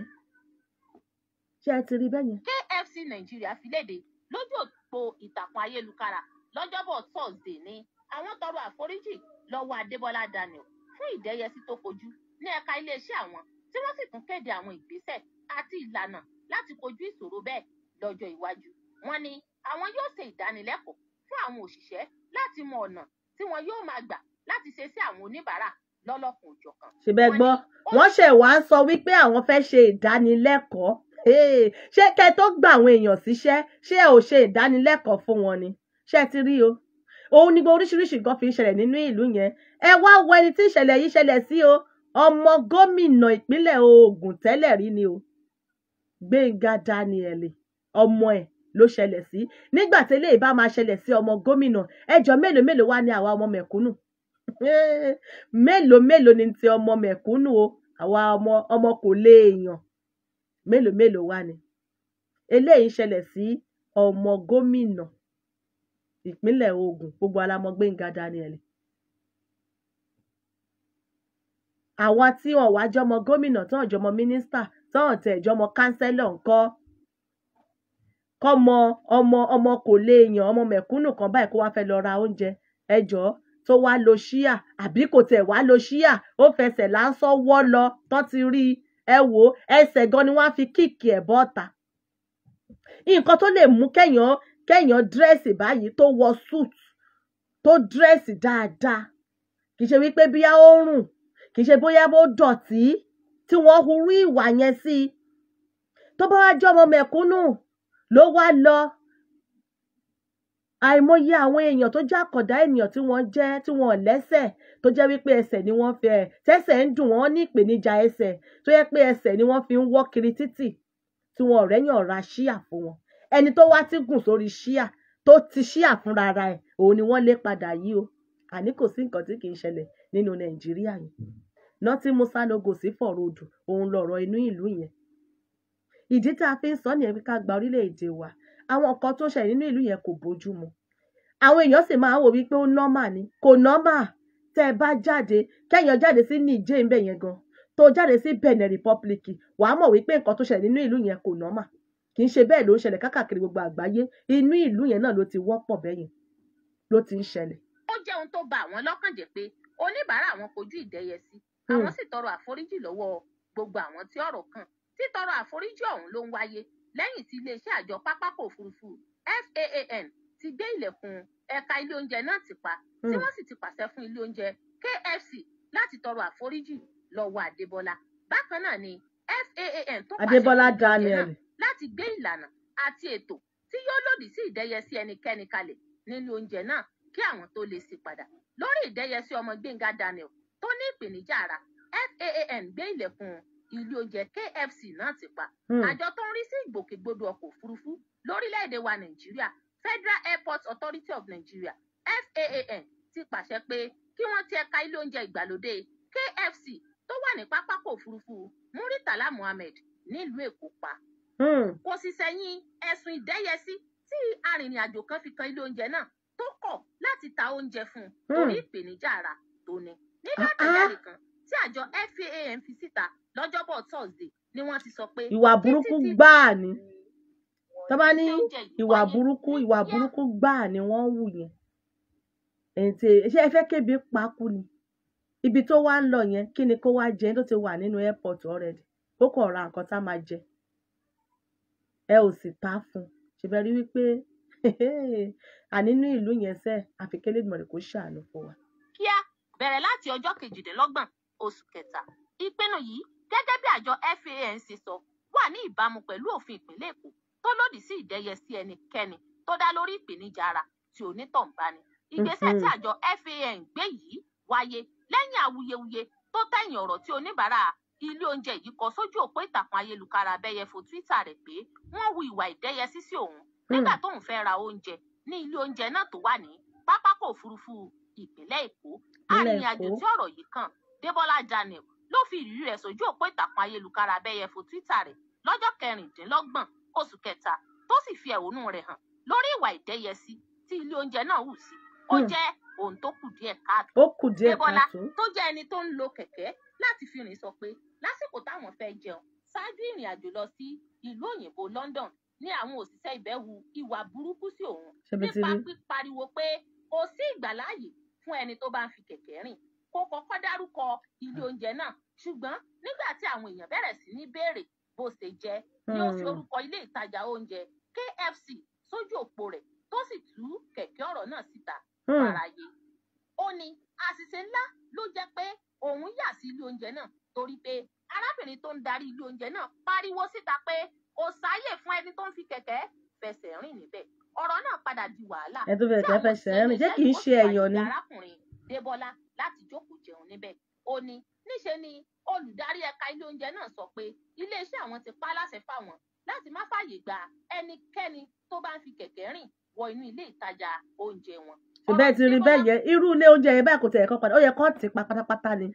ṣé ẹ ti rí bẹ́ẹ̀ yẹn. KFC Nàìjíríà fi léde lójú òpó ìtàkùn ayélujára lọ́jọ́bọ̀ Thursday ní àwọn tọrọ àforíjì lọ́wọ́ Adébọ́lá Daniel fún ìdẹ́yẹsí tó kojú ní ẹ̀ka iléeṣẹ́ àwọn tí wọ́n sì tún kéde àwọn ìgbésẹ̀ àti ìlànà láti kojú ìṣòro bẹ́ẹ̀ lọ́jọ́ iwájú. Wọ́n ní àwọn yóò ṣe ìdánilẹ́kọ̀ọ́ fún àwọn òṣìṣẹ́ láti mọ ọ̀nà tí wọn yóò máa gbà láti ṣe sí àwọn oníbàárà lọ́lọ́kùn òjọ̀kan. ṣùgbọ́n gbọ́ wọ́n ṣẹ̀ wá ń sọ wípé àwọn fẹ́ ṣe ìdánilẹ́kọ̀ọ́ ṣé kẹ́ tó gba àwọn èèyàn síṣẹ́ ṣé ò ṣe ìdánilẹ́kọ̀ọ́ fún wọn ni ṣé ti rí o òun ni oríṣiríṣi nǹkan fi ń ṣẹlẹ̀ nínú ìlú yẹn ẹ wá wo ẹni tí ìṣẹ̀lẹ̀ yìí ṣẹlẹ̀ sí o ọmọ gómìnà ìpínlẹ̀ Ògùn tẹ́lẹ̀ rí ni o Gbẹ́ngà Daniel ọmọ ẹ̀ ló ṣẹlẹ̀ sí nígbà tí eléyìí bá máa ṣẹlẹ̀ sí ọmọ gómìnà ẹjọ́ mélòó mélòó wá ní àwa ọmọ mẹ̀kúnnù mélòó mélòó ni ti ọmọ mẹ̀kúnnù o àwa ọmọ ọmọ kò lè èèyàn mélòó mélòó wá ni eléyìí ṣẹlẹ̀ sí ọmọ gómìnà ìpínlẹ̀ Ògùn gbogbo wa la mọ̀ Gbẹ́ngà Daniel àwọn tí wọn wá jọmọ gómìnà tán jọmọ mínísítà tán tẹ jọmọ kánsẹ́lọ̀ ńkọ́ kọmọ ọmọ ọmọ kò lè yàn ọmọ mẹ̀kúnnù kan báyìí kó wá fẹ́ lọ ra oúnjẹ ẹjọ tó wá lo ṣíà àbí kò tẹ̀ wá lo ṣíà ó fẹsẹ̀ láńsọ wọ́ lọ tán ti rí i ẹ wò ó ẹsẹ̀ gan ni wọ́n á fi kíìkì ẹ̀ bọ́ta nǹkan tó lè mú kẹ́yàn kẹ́yàn dírẹ́sì báyìí tó wọ suit tó dírẹ́sì dáadáa kì í ṣe wípé bíyá ó rùn kì í ṣe bóyá bó dọ̀tí tí wọ́n hurú ìwà yẹn sí i tó bá wá jọ́ ọmọ mẹ̀kúnnù ló wá lọ àìmọye àwọn èèyàn tó jẹ́ àkàndá ènìyàn tí wọ́n jẹ́ tí wọ́n lẹ́sẹ̀ tó jẹ́ wípé ẹsẹ̀ ni wọ́n fẹ́ tẹ́sẹ̀ ń dùn wọ́n ní ìpèníjà ẹsẹ̀ tó yẹ pé ẹsẹ̀ ni wọ́n fi ń wọ́ kiri títì tí wọn ọ̀rẹ́ yàn ra ṣíà fún wọn ẹni tó wá ti gùn sórí ṣíà tó ti ṣíà fúnra ara ẹ̀ òun ni wọ́n lé padà yìí o àní kò sí nǹkan tí kì í ṣẹlẹ̀ nínú nàìjíríà yìí nọtí musa logo sí fọ̀rọ̀dù òun àwọn nǹkan tó ń ṣẹlẹ̀ nínú ìlú yẹn kò bójú mu àwọn èèyàn sì máa ń wò wípé ó nọ́mà ni kò nọ́mà tẹ́ ẹ bá jáde kẹ́yìn jáde sí Niger ń bẹ̀ yẹn gan tó jáde sí Benin Republic wàá mọ̀ wípé nǹkan tó ṣẹlẹ̀ nínú ìlú yẹn kò nọ́mà kì í ṣe bẹ́ẹ̀ ló ń ṣẹlẹ̀ káàkiri gbogbo àgbáyé inú ìlú yẹn náà ló ti wọ́pọ̀ bẹ́yìn ló ti ń ṣẹlẹ̀. ó jẹ́ ohun tó bà àwọn lọ́kàn jẹ́ pé oníbàárà àwọn kojú ìdẹ́yẹ sí hmm. àwọn sì tọrọ àforíjì lọ́wọ́ gbogbo àwọn tí ọ̀rọ̀ kàn títọrọ àforíjì ọ̀hún ló ń wáyé lẹ́yìn tí iléeṣẹ́ àjọ pápákọ̀ òfurufú FAAN ti gbé ilẹ̀kùn ẹ̀ka ilé oúnjẹ náà ti pa tí hmm. wọ́n sì ti pàṣẹ fún ilé oúnjẹ KFC láti tọrọ àforíjì lọ́wọ́ Adébọ́lá bákan náà ni FAAN tó pàṣẹ fún ilé náà láti gbé ìlànà àti ètò tí yóò lòdì sí ìdẹ́yẹsí ẹnikẹ́ni kalẹ̀ nínú oúnjẹ náà kí àwọn tó lè sí padà lórí ìdẹ́yẹsí ọmọ Gbẹ́ngà Daniel tó ní ìpèníjà ara FAAN gbé ilẹ̀kùn ilé oúnjẹ KFC náà ti pa. Hmm. àjọ tó ń rí sí ìgbòkègbodò ọkọ̀ òfurufú lórílẹ̀‐èdè wa nàìjíríà Federal Airport Authority of Nigeria FAAN ti pàṣẹ pé kí wọ́n ti ẹ̀ka ilé oúnjẹ ìgbàlódé KFC tó wà ní pápákọ̀ òfurufú Muritala Muhammed nílùú Èkó pa. Hmm. kò sì sẹ́yìn ẹ̀sùn ìdẹ́yẹsí tí arìnrìn-àjò kan fi kan ilé oúnjẹ náà tó kọ̀ láti ta oúnjẹ fún un hmm. torí ìpèníjà ara tó ní. nígbà àtẹ̀jáde ah, ah. kan tí àjọ FAAN fi síta lọ́jọ́bọ̀ thursday ni wọ́n ti sọ pé. ìwà burúkú gbáà ni tó bá ní ìwà burúkú ìwà burúkú gbáà ni wọ́n ń wù yẹn ètè ṣé ẹ fẹ́ kébi paku ni ibi tó wá ń lọ yẹn kí ni kó wá jẹ tó ti wà nínú airport already ó kàn ra nǹkan tá máa jẹ ẹ ò sì ta fún ṣèbẹ̀ rí wípé ànínú ìlú yẹn sẹ́ àfi kí Elédùmarè kó ṣàánú fún wa. kíá bẹ̀rẹ̀ láti ọjọ́ kejìdínlọ́gbọ̀n oṣù kẹta ìpinnu yìí gẹ́gẹ́ bí àjọ FAN ṣe sọ wà ní ìbámu pẹ̀lú òfin ìpínlẹ̀ Èkó tó lòdì sí ìdẹ́yẹsí ẹnikẹ́ni tó dá lórí ìpèníjà ara tí onítàn bá ní. ìgbésẹ̀ mhm. tí àjọ FAN gbé yìí wáyé lẹ́yìn awuyewuye tó tẹ̀yìn ọ̀rọ̀ tí oníbàárà ilé oúnjẹ yìí kọ sójú òpó ìtàkùn ayélujára abẹ́yẹfò Twitter rẹ̀ pé wọ́n hu ìwà ìdẹ́yẹsí sí òun nígbà hmm. tóun fẹ́ ra oúnjẹ ní ilé oúnjẹ náà tó wà ní pápákọ̀ òfurufú ìpínlẹ̀ Èkó arìnrìnàjò tí ọ̀rọ̀ yìí kàn Débọ́lá Daniel ló fi ìrírí rẹ̀ sójú òpó ìtàkùn ayélujára abẹ́yẹfò twitter rẹ̀ lọ́jọ́ kẹrìndínlọ́gbọ̀n oṣù kẹta tó sì fi ẹ̀hónú rẹ̀ hàn lórí ìwà ìdẹ́yẹsí tí ilé oúnjẹ náà hù sí ó hmm. jẹ́ ohun tó kù díẹ̀ káàtó. ó kù díẹ̀ káàtó. tó jẹ́ ẹni tó ń lo kẹ̀kẹ́ láti fi rìn sọ pé lásìkò táwọn fẹ́ jẹun ṣáájú ìrìn àjò lọ sí ìlú òyìnbó London ní àwọn òṣìṣẹ́ ìbẹ̀wù ìwà burúkú sí òun nípa pípariwo pé kò sí ìgbàláàyè fún ẹni tó bá ń fi kẹ̀kẹ́ rìn kó kọ́kọ́ dárúkọ ilé oúnjẹ náà ṣùgbọ́n nígbà tí àwọn èèyàn bẹ̀rẹ̀ sí ní béèrè bó ṣe jẹ́ ni ó fi hmm. orúkọ ilé ìtajà oúnjẹ KFC sójú òpó rẹ̀ tó sì tú kẹ̀kẹ́ ọ̀rọ̀ náà síta hmm. fáráyé ó ní àṣìṣe ńlá ló jẹ́ pé òun yà sí ilé oúnjẹ náà torí pé arábìnrin tó ń darí ilé oúnjẹ náà pariwo síta pé kò sáyè fún ẹni tó ń fi kẹ̀kẹ́ fẹsẹ̀ rìn níbẹ̀ ọ̀rọ̀ náà padà di wàhálà. ẹ tó fẹsẹ̀ fẹsẹ̀ rìn jẹ́ kì í ṣe ẹ̀yọ̀ ni. arákùnrin Débọ́lá láti jókòó jẹun níbẹ̀ ó ní níṣe ni olùdarí ẹ̀ka ilé oúnjẹ náà sọ pé iléeṣẹ́ àwọn ti pa láṣẹ fáwọn láti má fààyè gba ẹnikẹ́ni tó bá ń fi kẹ̀kẹ́ rìn wọ inú ilé ìtajà oúnjẹ wọn. ṣùgbọ́n ti rí bẹ́ẹ̀ yẹn irú ilé oúnjẹ yẹn báyìí kò tẹ̀ ẹ̀kọ́ padà ó yẹ kán pátápátá ni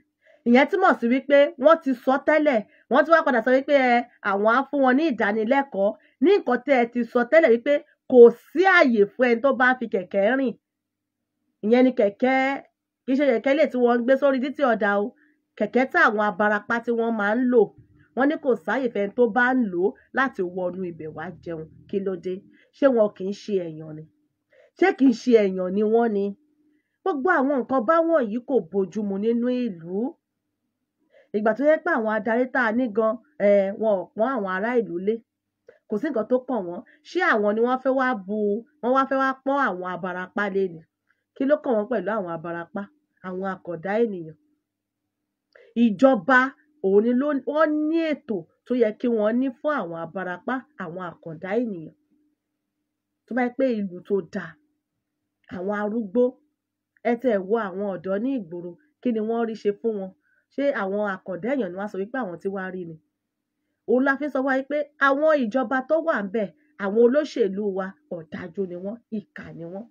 ìyẹn túmọ̀ sí wípé wọ́n ti sọ tẹ́lẹ̀ wọ́n ti wá padà sọ wípé ẹ àwọn á fún wọn ní ìdánilẹ́kọ̀ọ́ ní nǹkan tẹ́ ẹ ti sọ tẹ́lẹ̀ wípé kò sí àyè fún ẹni tó bá fi kẹ̀kẹ́ rìn ìyẹn ni kẹ̀kẹ́ kì í ṣe kẹ̀kẹ́ lè tí wọ́n ń gbé sórí títì ọ̀dà o kẹ̀kẹ́ tí àwọn abarapá tí wọ́n máa ń lò wọ́n ní kò sáàyè fẹ́ tó bá ń lò ó láti wọnú ibẹ̀ wá jẹun kí ló dé ṣé wọn kì í ṣe èèyàn ni ṣé kì í ṣe èèyàn ni wọ́n ni gbogbo àwọn nǹkan báwọn yìí kò bójúmu nínú ìlú ìgbà tó yẹ pé àwọn adarí tá a ní gan wọn ò pọ́n àwọn ará ìlú lé kò sí nǹkan tó kàn wọ́n ṣé àwọn ni wọ́n fẹ́ wá bu wọ́n wá fẹ́ wá pọ́n àwọn abarapá lé ni kí ló kàn wọ́n pẹ̀lú àwọn abarapá àwọn àkàndá ènìyàn. Ìjọba òun ni ló, wọ́n ní ètò tó yẹ kí wọ́n ní fún àwọn abarapá, àwọn àkàndá ènìyàn. Tó bá pé ìlú tó da, àwọn arúgbó, ẹ ti ẹ̀ wo àwọn ọ̀dọ́ ní ìgboro, kí ni wọ́n rí ṣe fún wọn? Ṣé àwọn àkàndá ènìyàn ni wọ́n á sọ wípé àwọn tí wá rí ni? Òun la fi ń sọ wá wípé àwọn ìjọba tó wà níbẹ̀, àwọn olóṣèlú wa ọ̀dájú ni wọ́n, ìkà ni wọ́n.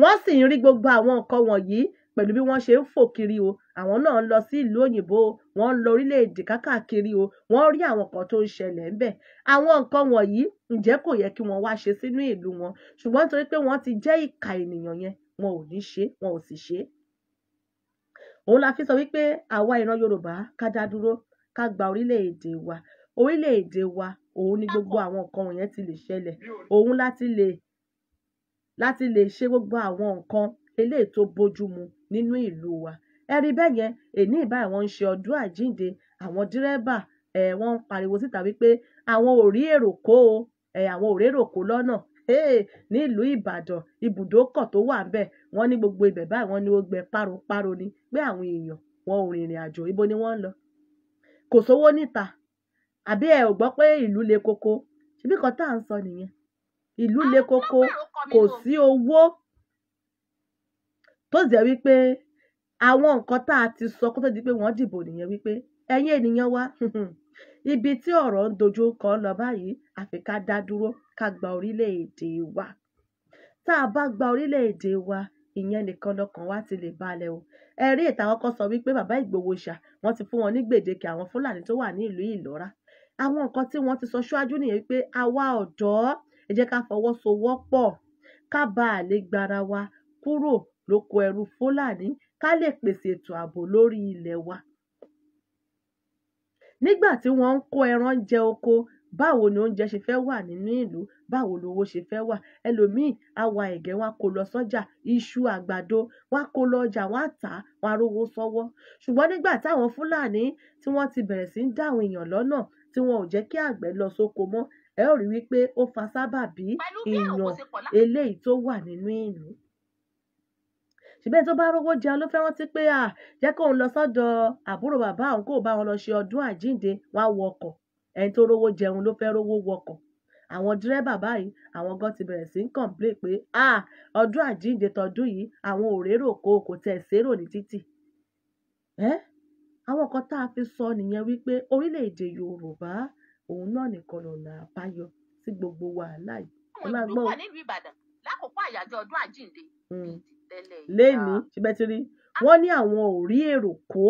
Wọ́n sì ń rí gbogbo àwọn nǹkan wọ̀nyí pẹ̀lú bí wọ́n ṣe ń fò kiri o àwọn náà lọ sí ìlú òyìnbó o wọ́n lọ orílẹ̀-èdè kákàkiri o wọ́n rí àwọn nǹkan tó ń ṣẹlẹ̀ ńbẹ̀ àwọn nǹkan wọ̀nyí ǹjẹ́ kò yẹ kí wọ́n wá ṣe sínú ìlú wọn ṣùgbọ́n nítorí pé wọ́n ti jẹ́ ìkà ènìyàn yẹn wọn ò ní ṣe wọn ò sì ṣe. òun la fi sọ wípé àwa ìran Yorùbá ká dá dúró ká gba orílẹ̀-èdè wa orílẹ̀-èdè wa òun ni gbogbo àwọn nǹkan wọ̀nyẹn ti lè ṣẹlẹ̀ òun láti lè láti lè ṣe gbogbo àwọn nǹkan eléyìí tó bójú mu nínú ìlú wa ẹ rí bẹ́ẹ̀ yẹn èní ìbáyìí wọ́n ń ṣe ọdún àjíǹde àwọn dírẹ́bà ẹ̀ wọ́n ń pariwo síta wípé àwọn ò rí èrò kó o ẹ̀ àwọn ò rérò kó lọ́nà ní Ìbàdàn ibùdókọ̀ tó wà ń bẹ̀ wọ́n ní gbogbo ibẹ̀ báyìí wọ́n ní ó gbẹ páropáro ni pé àwọn èèyàn wọn ò rìnrìn àjò ibo ni wọ́n ń lọ kò sówó níta àbí ẹ ò gbọ́ pé ìlú le koko ṣebí kan tá à ń sọ nìyẹn ìlú le koko kò sí owó tó jẹ́ wípé àwọn nǹkan tá a ti sọ kó tó di pé wọ́n dìbò nìyẹn wípé ẹ̀yin ènìyàn wa ibi tí ọ̀rọ̀ ń dojú kọ lọ báyìí àfi ká dá dúró ká gba orílẹ̀-èdè wa tá a bá gba orílẹ̀-èdè wa ìyẹn nìkan lọkàn wa ti lè balẹ̀ o ẹ̀rí ìta kọ́kọ́ sọ wípé bàbá Ìgbòho ṣà ti fún wọn ní gbèdéke àwọn Fúlàní tó wà ní ìlú Ìlọ́ra àwọn nǹkan tí wọ́n ti sọ ṣáájú nìyẹn wípé àwa ọ̀dọ́ ẹ jẹ́ ká fọwọ́sowọ́pọ̀ ká bá a lè wa kúrò lóko ẹrú fúlàní ká lè pèsè ètò ààbò lórí ilẹ̀ wa nígbà tí wọ́n ń kó ẹran jẹ oko báwo ni oúnjẹ ṣe fẹ́ wà nínú ìlú báwo lowó ṣe fẹ́ wà ẹlòmíì àwa ẹ̀gẹ́ wọn kò lọ sọ́jà iṣu àgbàdo wọn kò lọ ọjà wọn tà á wọn rówó sọ́wọ́ ṣùgbọ́n nígbà táwọn fúlàní tí wọ́n ti bẹ̀rẹ̀ sí ń dá èèyàn lọ́nà tí wọn ò jẹ́ kí àgbẹ̀ lọ sóko mọ́ ẹ ó rí wípé ó fa sábàbí ìyàn eléyìí tó wà nínú ìlú ṣùgbọ́n tó bá rówó jẹun ló fẹ́ rántí pé à jẹ́ kóun lọ sọ́dọ̀ àbúrò bàbá òun kó bá wọn lọ ṣe ọdún àjíǹde wá wọkọ̀ ẹni tó rówó jẹun ló fẹ́ rówó wọkọ̀ àwọn dírẹ́bà báyìí àwọn gan ti bẹ̀rẹ̀ sí ń kọ̀m̀plé pé à ọdún àjíǹde tọdún yìí àwọn ò rérò kó kò tẹ̀ sérò ní títì ẹ́ àwọn kan tá a fi sọ nìyẹn wípé orílẹ̀-èdè Yorùbá òun náà nìkan lọ́nà àbáyọ sí gbogbo wàhálà yìí. ọmọ ìlú wà nílùú Ìbàdàn lákòókò àyájọ́ ọdún àjíǹde hmm lénìí ah. ṣùgbọ́n ti rí ah. wọ́n ní àwọn ò rí èrò kó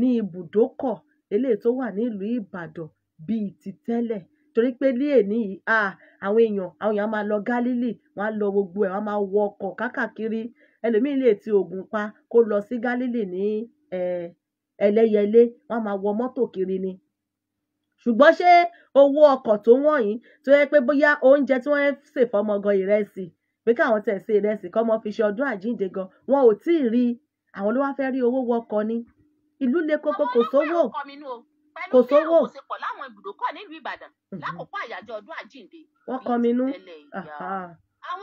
ní ibùdókọ̀ eléyìí tó wà nílùú Ìbàdàn bíi ti tẹ́lẹ̀ torí pé ní èní yìí ah, àwọn èèyàn àwọn èèyàn máa lọ Galilee wọ́n á lọ gbogbo ẹ̀ wọ́n máa wọ ọkọ̀ káàkiri ẹlòmíín lè ti Ògùn pa kó lọ sí Galilee ní Ẹlẹ́yẹlé wọ́n máa wọ mọ́tò kiri ni ṣùgbọ́n ṣé owó ọkọ̀ tó wọ̀nyí tó yẹ pé bóyá oúnjẹ tí wọ́n ń fọmọ gan ìrẹsì pé káwọn tẹ̀ sí ìrẹsì kọ́ mọ́ fi ṣe ọdún àjíǹde gan wọn ò tí ì rí i àwọn ló wá fẹ́ rí owó wọkọ̀ ni ìlú le koko kò sówó kò sówó. Mhm. wọ́n kọ́ mi nú. àwọn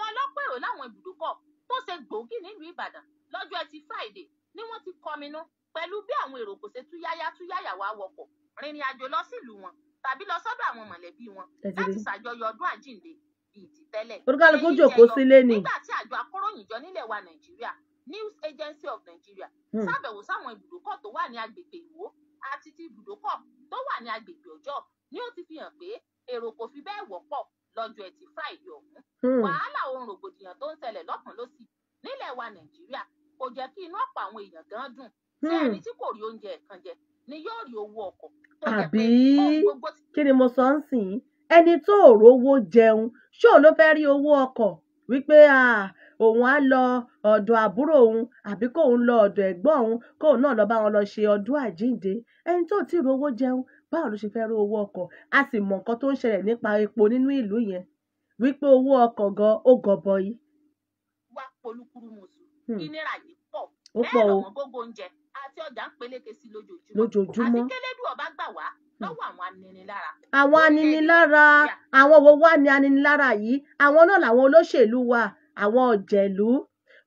ọlọ́pẹ̀rọ láwọn ibùdókọ̀ tó ṣe gbòógì nílùú Ìbàdàn lọ́jọ́ ẹtì Friday ni wọ́n ti kọ́ mi nú pẹ̀lú bí àwọn èrò kò ṣe túyáyá túyáyà wá wọkọ̀ rìnrìn àjò lọ sílùú wọn tàbí lọ sọ́dọ̀ àwọn mọ̀lẹ́bí wọn láti ṣàjọyọ̀ ọdún àjíǹde bíi ti tẹ́lẹ̀. olúkálukú jòkó sílé ni. nígbà tí àjọ akọ̀ròyìnjọ nílẹ̀ wa nàìjíríà news agency of nigeria hmm. ṣàbẹ̀wò sáwọn ibùdókọ̀ tó wà ní agbègbè ìwó àti ti ibùdókọ̀ tó wà ní agbègbè ọjọ́ ni ó ti fi hàn pé èrò kò fi bẹ́ẹ̀ wọ́pọ̀ lọ́jọ́ ẹtì friday ọ̀hún hmm. wàhálà ohun rògbòdìyàn tó ń ṣẹlẹ̀ lọ́kàn lọ́sì nílẹ̀ wa nàìjíríà kò jẹ́ kí inú ọ̀pọ̀ àwọn èèyàn gan dùn tí hmm. ẹni tí kò rí oúnjẹ ẹ̀kan jẹ ni yóò rí owó ọkọ̀ tó jẹ́ kí ni mo sọ ń sìn ẹni tó ò rówó jẹun ṣóun ló fẹ́ rí owó ọkọ̀ wípé òun á lọ ọ̀dọ̀ àbúrò òun àbí kóun lọ ọ̀dọ̀ ẹ̀gbọ́n òun kóun náà lọ bá wọn lọ ṣe ọdún àjíǹde ẹni tó ti rówó jẹun báwo ló ṣe fẹ́ rí owó ọkọ̀ a sì mọ̀ nǹkan tó ń ṣẹlẹ̀ nípa epo nínú ìlú yẹn wípé owó ọkọ̀ gan ó gọbọi. wá polúkúrú mọ̀sùn hmm. kí náírà yìí pọ̀ bẹ́ẹ̀ lọ́wọ́ gógó oúnjẹ àti ọjà ń peléke sí lójoojúmọ́ àti kélédùn ọba gbà wá lọ́wọ́ àwọn aninilára. àwọn aninilára àwọn wo wá ní aninilára yìí àwọn náà làwọn olóṣèlú wa àwọn ọ̀jẹ̀lú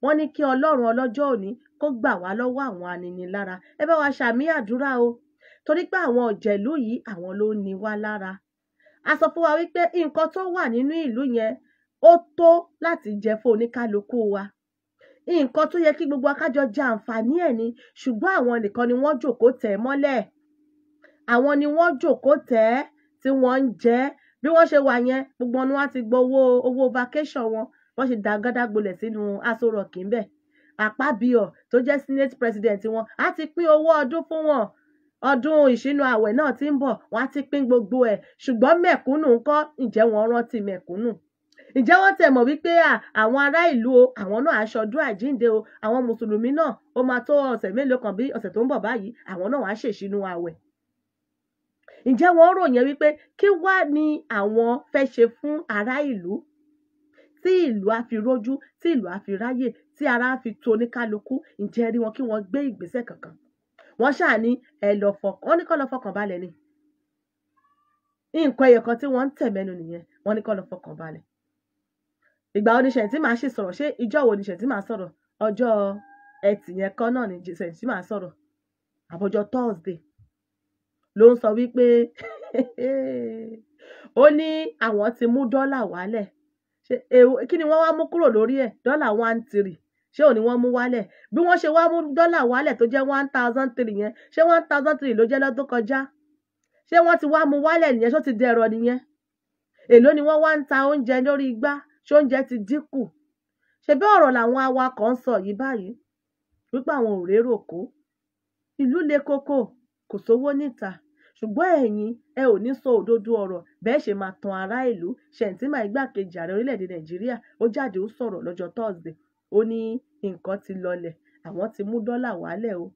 wọ́n ní kí ọlọ́run ọlọ́jọ́ òní kó gbà wá lọ́wọ́ àwọn aninilára ẹ bá wa ṣàmì àdúrà o torí pé àwọn ọ̀jẹ̀lú yìí àwọn ló ní wá lára a sọ fún wa wípé nǹkan tó wà nínú ìlú yẹn ó tó láti jẹ fún oníkálukú wa nǹkan tó yẹ kí gbogbo akájọ jẹ àǹfààní ẹ̀ ni ṣùgbọ́n àwọn nìkan ni wọ́n jòkó tẹ̀ mọ́lẹ̀ àwọn ni wọ́n jókòó tẹ́ tí wọ́n ń jẹ bí wọ́n ṣe wà yẹn gbogbo wọn ni wọ́n ti gbọ́ owó owó vacation wọn wọ́n ṣe dàgádàgbolẹ̀ sínú aṣọ rọ̀kì ń bẹ̀ àpábíọ̀ tó jẹ́ senate president wọn á ti pín owó ọdún fún wọn ọdún ìṣínú ààwẹ̀ náà ti ń bọ̀ wọ́n á ti pín gbogbo ẹ̀ ṣùgbọ́n mẹ̀kúnnù ńkọ́ ǹjẹ́ wọ́n rántí mẹ̀kúnnù ǹjẹ́ wọ́n tẹ̀ mọ̀ wípé àwọn ará ìlú o àwọn náà aṣọdún àjíǹde o àwọn mùsùlùmí náà ó máa tó ọ̀sẹ̀ mélòó kan bí ọ̀sẹ̀ tó ń bọ̀ báyìí àwọn náà wàá ṣèṣínú ààwẹ̀ Ǹjẹ́ wọ́n ròyìn wípé kí wá ni àwọn fẹ́ ṣe fún ará ìlú tí ìlú á fi rójú, tí ìlú á fi ráyè, tí ara á fi to oníkálukú. Ǹjẹ́ ẹ rí wọn kí wọ́n gbé ìgbésẹ̀ kankan? Wọ́n ṣáà ní ẹ lọ fọkàn, wọ́n ní kó lọ fọkàn balẹ̀ ni. Nǹkan ẹyọ kan tí wọ́n ń tẹ̀ mẹ́nu nìyẹn, wọ́n ní kó lọ fọkàn balẹ̀. Ìgbà wo ni ṣẹ̀ tí màá ṣe sọ̀rọ̀? Ṣé ijọ́ wo ni ṣẹ̀ tí màá sọ̀rọ̀? Ọjọ́ ẹtì yẹn kọ́ náà ni ṣẹ̀ tí màá sọ̀rọ̀. Àbọ̀jọ́ Thursday ló ń sọ wípé ó ní àwọn ti mú dọ́là wálẹ̀ ṣe kí ni wọ́n wá mú kúrò lórí ẹ̀ dọ́là one three ṣé òní wọ́n mú wálẹ̀ bí wọ́n ṣe wá mú dọ́là wálẹ̀ tó jẹ́ one thousand three yẹn ṣé one thousand three ló jẹ́ lọ́dún kọjá ṣé wọ́n ti wá mú wálẹ̀ nìyẹn ṣó ti dẹ̀rọ̀ nìyẹn èló ni wọ́n wá ń ta oúnjẹ lórí igbá ṣé oúnjẹ ti dínkù ṣebí ọ̀rọ̀ làwọn awakọ̀ ń sọ yìí báyìí wípé àwọn ò rérò kó ìlú le koko kò sówó níta ṣùgbọ́n ẹ̀yin ẹ ò ní sọ òdodo ọ̀rọ̀ bẹ́ẹ̀ ṣe máa tan ará ìlú Shentima igbákejì ààrẹ orílẹ̀-èdè Nàìjíríà ó jáde ó sọ̀rọ̀ lọ́jọ́ Thursday ó ní nǹkan ti lọlẹ̀ àwọn ti mú dọ́là wálẹ̀ o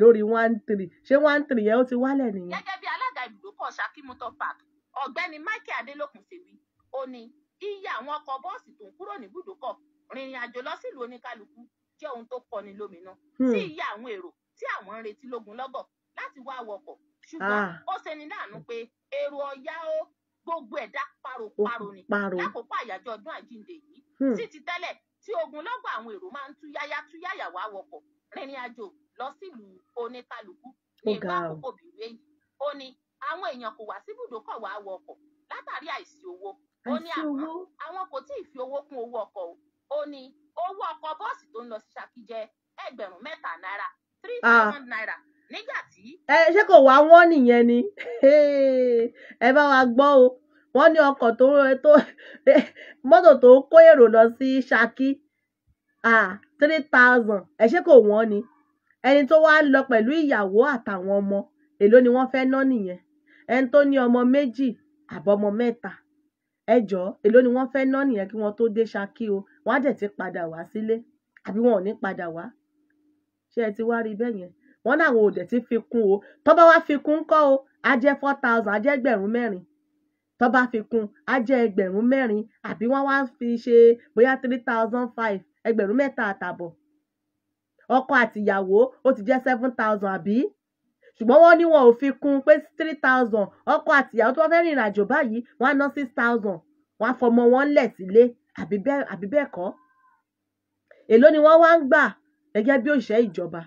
lórí one three ṣé one three yẹn ó ti wálẹ̀ nìyẹn. gẹ́gẹ́ bí alága ibùdókọ̀ Ṣakí motor park ọ̀gbẹ́ni Michael Adélòkun ṣe wí ó ní iye àwọn ọkọ̀ bọ́ọ̀sì tó ń kúrò níbùdókọ̀ rìnrìn àjò lọ sílùú oníkálukú jẹ́ ohun tó kọni lóminú hmm. tí iye àwọn èrò tí àwọn ń retí lógunlọ́gọ̀ láti wá wọkọ̀ ṣùgbọ́n ah. ó ṣeni láàánú pé èrò ọ̀yá ó gbogbo ẹ̀dá paroparo ni lákòókò àyájọ́ ọdún àjíǹde yìí hmm. sí ti tẹ́lẹ̀ tí ogunlọ́gọ̀ àwọn èrò máa ń tú yáyá tú yáyà wá wọkọ̀ rìnrìn àjò lọ sílùú oníkálukú ní ìgbà àkókò bìwé yìí ó ní àwọn èèyàn kò wá síbùdókọ̀ wá wọkọ̀ látàrí àìsí owó ó ní àmọ́ àwọn kò tí ì fi owó kún owó ọkọ̀ o ó ní owó ọkọ̀ bọ́ọ̀sì tó ń lọ sí Ṣakí jẹ́ ẹgbẹ̀rún mẹ́ta náírà three ah. thousand naira nígbà tí. ẹ ṣé kò wá wọ́n nìyẹn ni ẹ bá wa gbọ́ o wọ́n ní ọkọ̀ tó mọ́tò tó kó èrò lọ sí Ṣakí three thousand ẹ ṣé kò wọ́n ni ẹni tó wá ń lọ pẹ̀lú ìyàwó àtàwọn ọmọ èló ni wọ́n fẹ́ ná nìyẹn ẹni tó ní ọmọ méjì àbọ̀mọ mẹ́ta ẹ èló ni wọ́n fẹ́ ná nìyẹn kí wọ́n tó dé Ṣakí o wọ́n á dẹ̀ ti padà wá sílé àbí wọn ò ní padà wá ṣé ẹ ti wá rí bẹ́ẹ̀ yẹn wọ́n láwọn òdẹ̀ ti fi kún o tó bá wá fi kún kọ́ o á jẹ́ four thousand á jẹ́ ẹgbẹ̀rún mẹ́rin tó bá fi kún á jẹ́ ẹgbẹ̀rún mẹ́rin àbí wọ́n wá fi ṣe bóyá three thousand five ẹgbẹ̀rún mẹ́ta àtàbọ̀ ọkọ àtìyàwó ó ti jẹ́ seven thousand àbí ṣùgbọ́n wọ́n ní wọn ò fi kún pé three thousand ọkọ àtìyàwó tó bá fẹ́ rìnrìn àjò báyìí wọ́n á ná six thousand wọ́n á fọmọ wọn lẹ̀ sílé àbí bẹ́ẹ̀ kọ́ èló ni wọ́n wá ń gbà gẹ́gẹ́ bí òṣìṣẹ́ ìjọba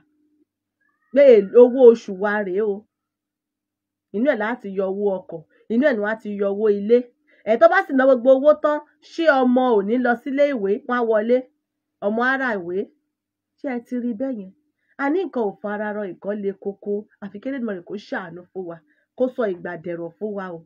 pé owó oṣù wa rèé o inú ẹ̀ láti yọ owó ọkọ̀ inú ẹ̀ ni wọ́n á ti yọ owó ilé ẹ̀ tó bá sì ná gbogbo owó tán ṣé ọmọ ò ní lọ sílé ìwé wọ́n á wọlé ọmọ ara ìwé ṣé ẹ ti rí bẹ́ẹ̀ yẹn a ní nǹkan ò nǹkan le koko àfi kí Elédùmarè kó ṣàánú fún wa kó sọ ìgbà dẹ̀rọ̀ fún wa o.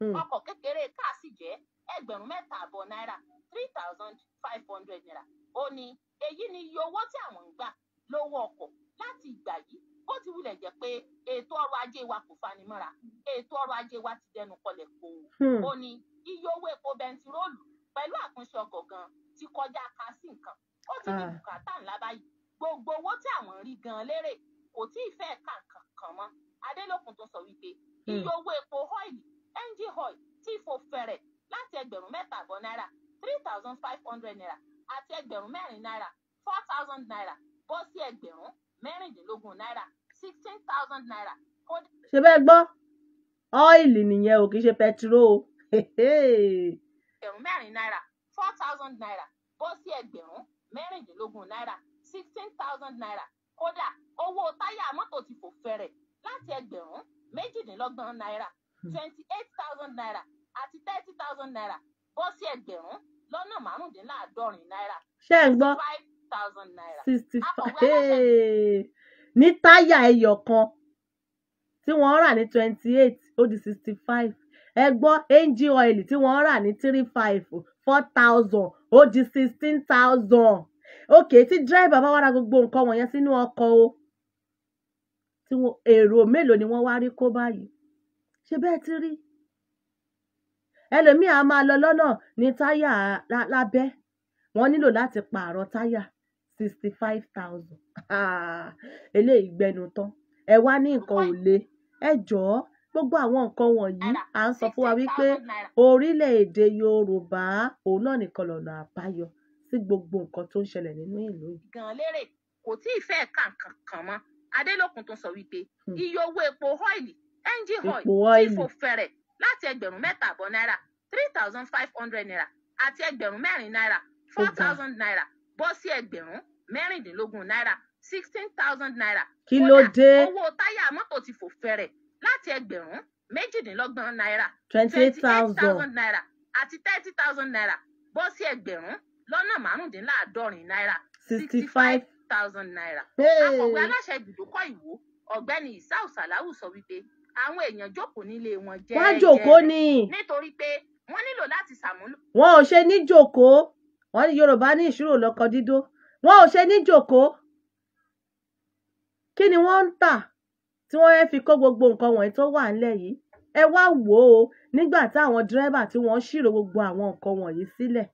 Hmm. ọkọ̀ kékeré káà sì jẹ́ ẹgbẹ̀rún mẹ́ta àbọ̀ náírà three thousand five hundred naira ó ní èyí ni iye owó tí àwọn ń gbà lówó ọkọ̀ láti ìgbà yìí bó ti wulẹ̀ jẹ́ pé ètò ọrọ̀ ajé wa kò fanimọ́ra ètò ọrọ̀ ajé wa ti dẹnu kọlẹ̀ kó o hmm. ó ní iye owó epo bẹntiróòlù pẹ̀lú àkúnṣe ọkọ̀ gan ti kọjá ka sí nǹkan ó ti di ah. bùkátà ńlá báyìí gbogbo owó tí àwọn ń rí gan lérè kò tí ì fẹ́ kà kankan mọ́ adélòkun tó sọ wípé hmm. iye owó epo ọ́ìlì ẹ́ńjì ọ́ìlì ti fò fẹ̀rẹ̀ láti ẹgbẹ̀rún mẹ́ta àbọ̀ náírà three thousand five hundred naira àti ẹgbẹ̀rún mẹ́rin naira, four thousand naira bọ́ sí ẹgbẹ̀rún mẹ́rìndínlógún naira, sixteen thousand naira. ṣe bẹ́ẹ̀ gbọ́ ọ́ìlì nìyẹn ò kì í ṣe pẹtiró o. ẹgbẹ̀rún mẹ́rin naira, four thousand naira bọ́ sí ẹgbẹ̀rún mẹ́rìndínlógún náírà sixteen thousand naira kódà owó táyà mọ́tò ti fò fẹ̀rẹ̀ láti ẹgbẹ̀rún méjìdínlọ́gbọ̀n náírà hmm. twenty eight thousand naira àti thirty thousand naira bọ́ sí ẹgbẹ̀rún lọ́nà márùndínláàádọ́rin náírà. ṣé ń gbọ́ five thousand sixty five ní táyà ẹyọ kan tí wọ́n rà ní twenty eight ó di sixty five ẹ gbọ́ engine oil tí wọ́n rà ní three five four thousand ó di sixteen thousand òkè tí dírẹ́bà bá wá ra gbogbo nǹkan wọ̀nyẹn sínú ọkọ̀ o tí èrò mélòó ni wọ́n wá rí kó báyìí ṣe bẹ́ẹ̀ ti rí ẹlòmíì á máa lọ lọ́nà ní táyà lábẹ́ wọ́n nílò láti pààrọ̀ táyà sixty five thousand ah, eléyìí gbẹnu tán ẹ wá ní nǹkan ò le ẹ jọ̀ọ́ gbogbo àwọn nǹkan wọ̀nyí à ń sọ fún wa wípé orílẹ̀-èdè Yorùbá òun náà nìkan lọ́nà àbáyọ sí gbogbo nǹkan tó ń ṣẹlẹ̀ nínú ìlú yìí. gan lérè kò tí ì fẹ́ kàn kankan mọ́ Adélòkun tó sọ wípé hmm. iye owó epo ọ́ìlì ẹ́ńjì ọ́ìlì fífò fẹ̀rẹ̀ láti ẹgbẹ̀rún mẹ́ta àbọ̀ náírà three thousand five hundred naira àti ẹgbẹ̀rún mẹ́rin náírà four thousand naira bọ́ sí ẹgbẹ̀rún mẹ́rìndínlógún náírà sixteen thousand naira. kí ló dé owó táyà mọ́tò ti fò fẹ̀rẹ̀ láti ẹgbẹ̀rún méjìdínlọ́gbọ̀n náírà twenty eight thousand naira àti thirty thousand naira bọ́ sí ẹgbẹ̀rún lọ́nà márùndínláàádọ́rin náírà sixty five thousand naira. akọ̀wé aláṣẹ ibùdókọ̀ Ìwó ọ̀gbẹ́ni Isau Salawu sọ wípé àwọn èèyàn jókòó nílé wọn jẹ́ wọ́n jókòó ni nítorí pé wọ́n nílò láti ṣàmúlò. wọn ò ṣe ní jókòó wọn ní Yorùbá ní ìṣirò lọkọ dídó wọn ò ṣe ní jókòó kí ni wọ́n ń tà tí wọ́n fi kó gbogbo nǹkan wọ̀nyí tó wà ńlẹ̀ yìí ẹ wá wò ó nígbà táwọn dírẹ́bà tí wọ́n ṣírò gbogbo àwọn nǹkan wọ̀nyí sílẹ̀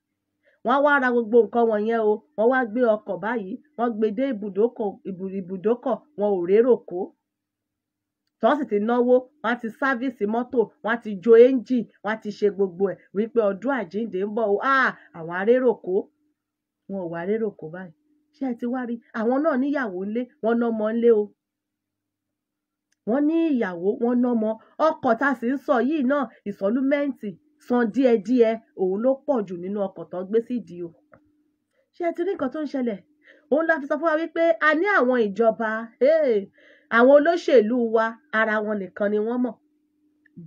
wọ́n wá ra gbogbo nǹkan wọ̀nyẹn o wọ́n wá gbé ọkọ̀ báyìí wọ́n gbé dé ibùdókọ̀ wọn ò rérò kó tí wọ́n sì ti náwó wọ́n ti sáfíìsì mọ́tò wọ́n ti jo ẹ́ńjìn wọ́n ti ṣe gbogbo ẹ̀ wípé ọdún àjíǹde ń bọ̀ o àwọn aréròkó wọn ò wá aréròkó báyìí ṣé ẹ ti wá rí àwọn náà níyàwó ńlé wọn nọmọ ńlé o wọ́n ní ìyàwó wọ́n nọmọ ọkọ̀ tá a sì ń sọ yìí náà ìsọlúmẹǹtì san díẹ̀díẹ̀ òun ló pọ̀ jù nínú ọkọ̀ tó ń gbé sídìí o ṣé ẹ ti rí nǹkan tó ń ṣẹlẹ̀ òun la fi sọ fún wa wípé a ní àwọn ìjọba àwọn olóṣèlú wa ara wọn nìkan ni wọ́n mọ̀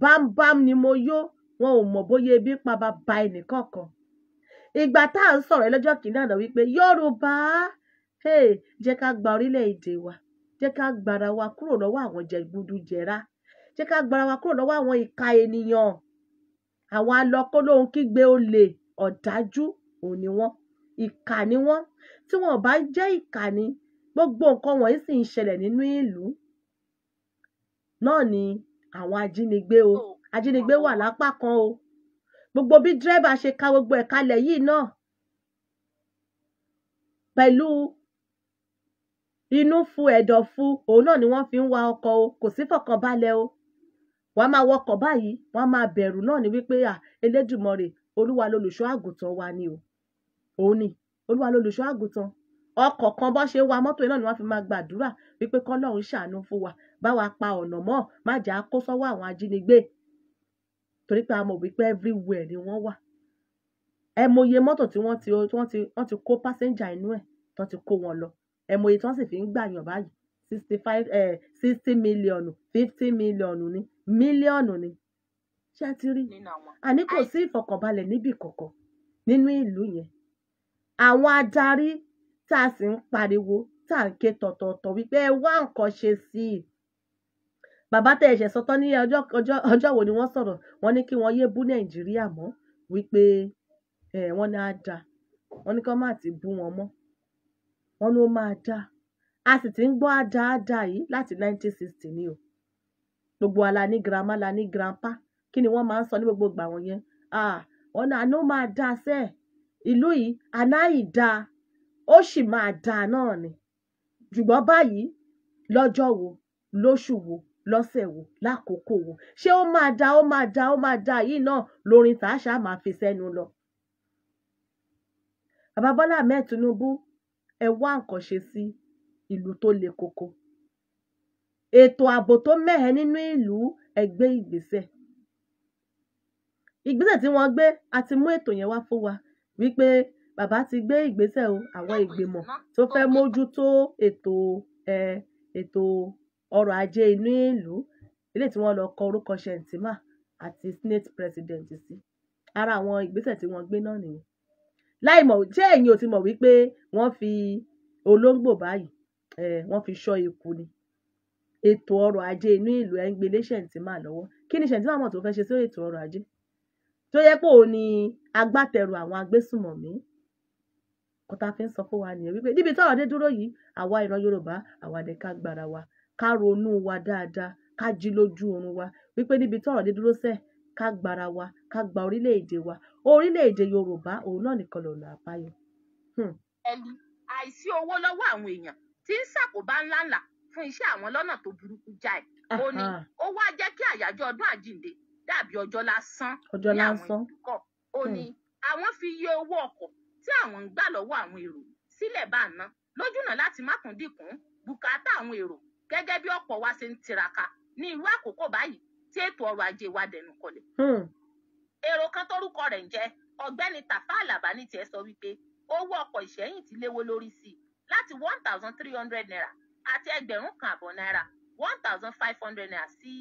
bámbám ni mo yó wọn ò mọ̀ bóyá ebi ń pa bàbá ẹnìkọ̀ọ̀kan ìgbà tá à ń sọ̀rọ̀ lọ́jọ́ kìíní àná wípé yorùbá jẹ́ ká gba orílẹ̀-èdè wa jẹ́ ká gbara wa kúrò lọ́wọ́ àwọn jẹgúdújẹrá jẹ́ ká gbara wa kúrò lọ́wọ́ àwọn ìka ènìyàn àwọn alọ́kólóhun kígbe olè ọ̀dájú òun ni ìkà ni wọ́n tí wọn ò bá jẹ́ ìkà ni gbogbo nǹkan wọ̀nyí sì ń ṣẹlẹ̀ nínú ìlú náà ni àwọn ajínigbé o ajínigbé wà lápá kan o gbogbo bí dírẹ́bà ṣe ka gbogbo ẹ̀ kalẹ̀ yìí náà pẹ̀lú inú fu ẹ̀dọ̀ fu òun náà ni wọ́n fi ń wa ọkọ̀ o kò sí fọ̀kànbalẹ̀ o wàá máa wọkọ̀ báyìí wàá máa bẹ̀rù náà ni wípé à Elédùmarè Olúwa lolùṣọ́ àgùntàn wa ni o òun ni Olúwa lolùṣọ́ àgùntàn ọkọ̀ kan bó ṣe wa mọ́tò náà ni wọ́n fi máa gbàdúrà wípé kọ́lọ́run ṣàánú fún wa bá wa pa ọ̀nà mọ́ má jà kó sọ́wọ́ àwọn ajínigbé torí pé a mọ̀ wípé everywhere ni wọ́n wà ẹ mọye mọ́tò tí wọ́n ti wọ́n ti wọ́n ti kó pásẹ́njà inú ẹ̀ tó ti kó wọn lọ ẹ tí wọ́n sì fi ń gbàyàn báyìí sixty five sixty million fifty million ni million ni ṣé ti rí àní kò sí ìfọ̀kànbalẹ̀ níbì kọ̀ọ̀kan nínú ìlú yẹn àwọn adarí tá a sì ń pariwo tá à ń ké tọ̀tọ̀ọ̀tọ̀ wípé ẹ wá nǹkan ṣe sí i bàbá tẹ ẹ̀ṣẹ̀ sọ tán ní ọjọ́ ọjọ́ ọjọ́ wo ni wọ́n sọ̀rọ̀ wọ́n ní kí wọ́n yé bú nàìjíríà mọ́ wípé ẹ wọ́n ní á dáa wọ́n ní kí wọ́n má ti bú wọn mọ́ wọ́n ní ó máa dáa a sì ti ń gbọ́ àdáadá yìí láti 1960 ni o gbogbo ala ní grandma la ní grandpa kí ni wọ́n máa ń sọ ní gbogbo ìgbà wọ̀nyẹn ah ọ̀nà àná máa dáa sẹ́ẹ̀ ìlú yìí àná yìí dáa ó sì máa dáa náà ni ṣùgbọ́n báyìí lọ́jọ́ wo lóṣù wo lọ́sẹ̀ wo lákòókò wo ṣé ó máa da ó máa da ó máa da yìí náà lórin tàṣà máa fi sẹ́nu lọ. bàbá Bọ́lá Tinubu ẹ wá nǹkan ṣe sí ìlú tó le koko ètò ààbò tó mẹ́hẹ nínú ìlú ẹ gbé ìgbésẹ̀ ìgbésẹ̀ tí wọ́n gbé a mú ètò yẹn wá fún wa wípé bàbá ti gbé ìgbésẹ̀ o àwọn ìgbìmọ̀ tó fẹ́ mójútó ètò ètò ọrọ̀ ajé inú ìlú eléyìí tí wọ́n lọ kọ orúkọ Shettima àti senate president sí ara àwọn ìgbésẹ̀ tí wọ́n gbé náà nìyẹn láì mọ̀ ṣé ẹ̀yin ò ti mọ̀ wípé wọ́n fi olóńgbò báyìí wọ́n fi ṣọ́ ikú ni ètò ọrọ̀ ajé inú ìlú ẹ̀ ń gbélé Shettima lọ́wọ́ kí ni Shettima mọ̀ tó fẹ́ ṣe sí ètò ọrọ̀ ajé tó yẹ pé òun ni agbátẹrù àwọn agbésùmọ̀mí kó tá a fi ń sọ fún wa nìyẹn wípé níbi táwọn adé dúró yìí àwa ìran Yorùbá àwa ni ká gbára wa ká ronú wa dáadáa ká jí lójú oorun wa wípé níbi tọ́rọ̀ dé dúró sẹ ká gbára wa ká gba orílẹ̀-èdè wa orílẹ̀-èdè Yorùbá òun náà nìkan lọ́nà àbáyọ. Hmm. ẹni àìsí owó lọ́wọ́ àwọn èèyàn tí ń ṣàkóbá ńláńlá fún iṣẹ́ àwọn lọ́nà tó burúkú jáì ó ní ó wá jẹ́ kí àyájọ́ ọdún àjíǹde dàbí ọjọ́ lásán ní àwọn ìdúkọ̀ ó hmm. ní àwọn fi iye owó ọkọ̀ tí àwọn ń gbà lọ́wọ́ àwọn èrò sílẹ̀ bá ná lójúnà láti má tún dínkù bùkátà àwọn èrò gẹ́gẹ́ bí ọ̀pọ̀ wa ṣe ń tiraka ní irú àkókò báyìí tí ètò ọrọ̀ ajé wa dẹnu kọlẹ̀. Hmm. èrò kan tórúkọ rẹ̀ ń jẹ́ ọ̀gbẹ́ni Tafa Alaba ní tiẹ̀ sọ wípé owó ọkọ̀ ìṣẹ́yìn ti léwó lórí sí i láti one thousand three hundred naira àti ẹgbẹ̀rún kan àbọ̀ náírà one thousand five hundred naira sí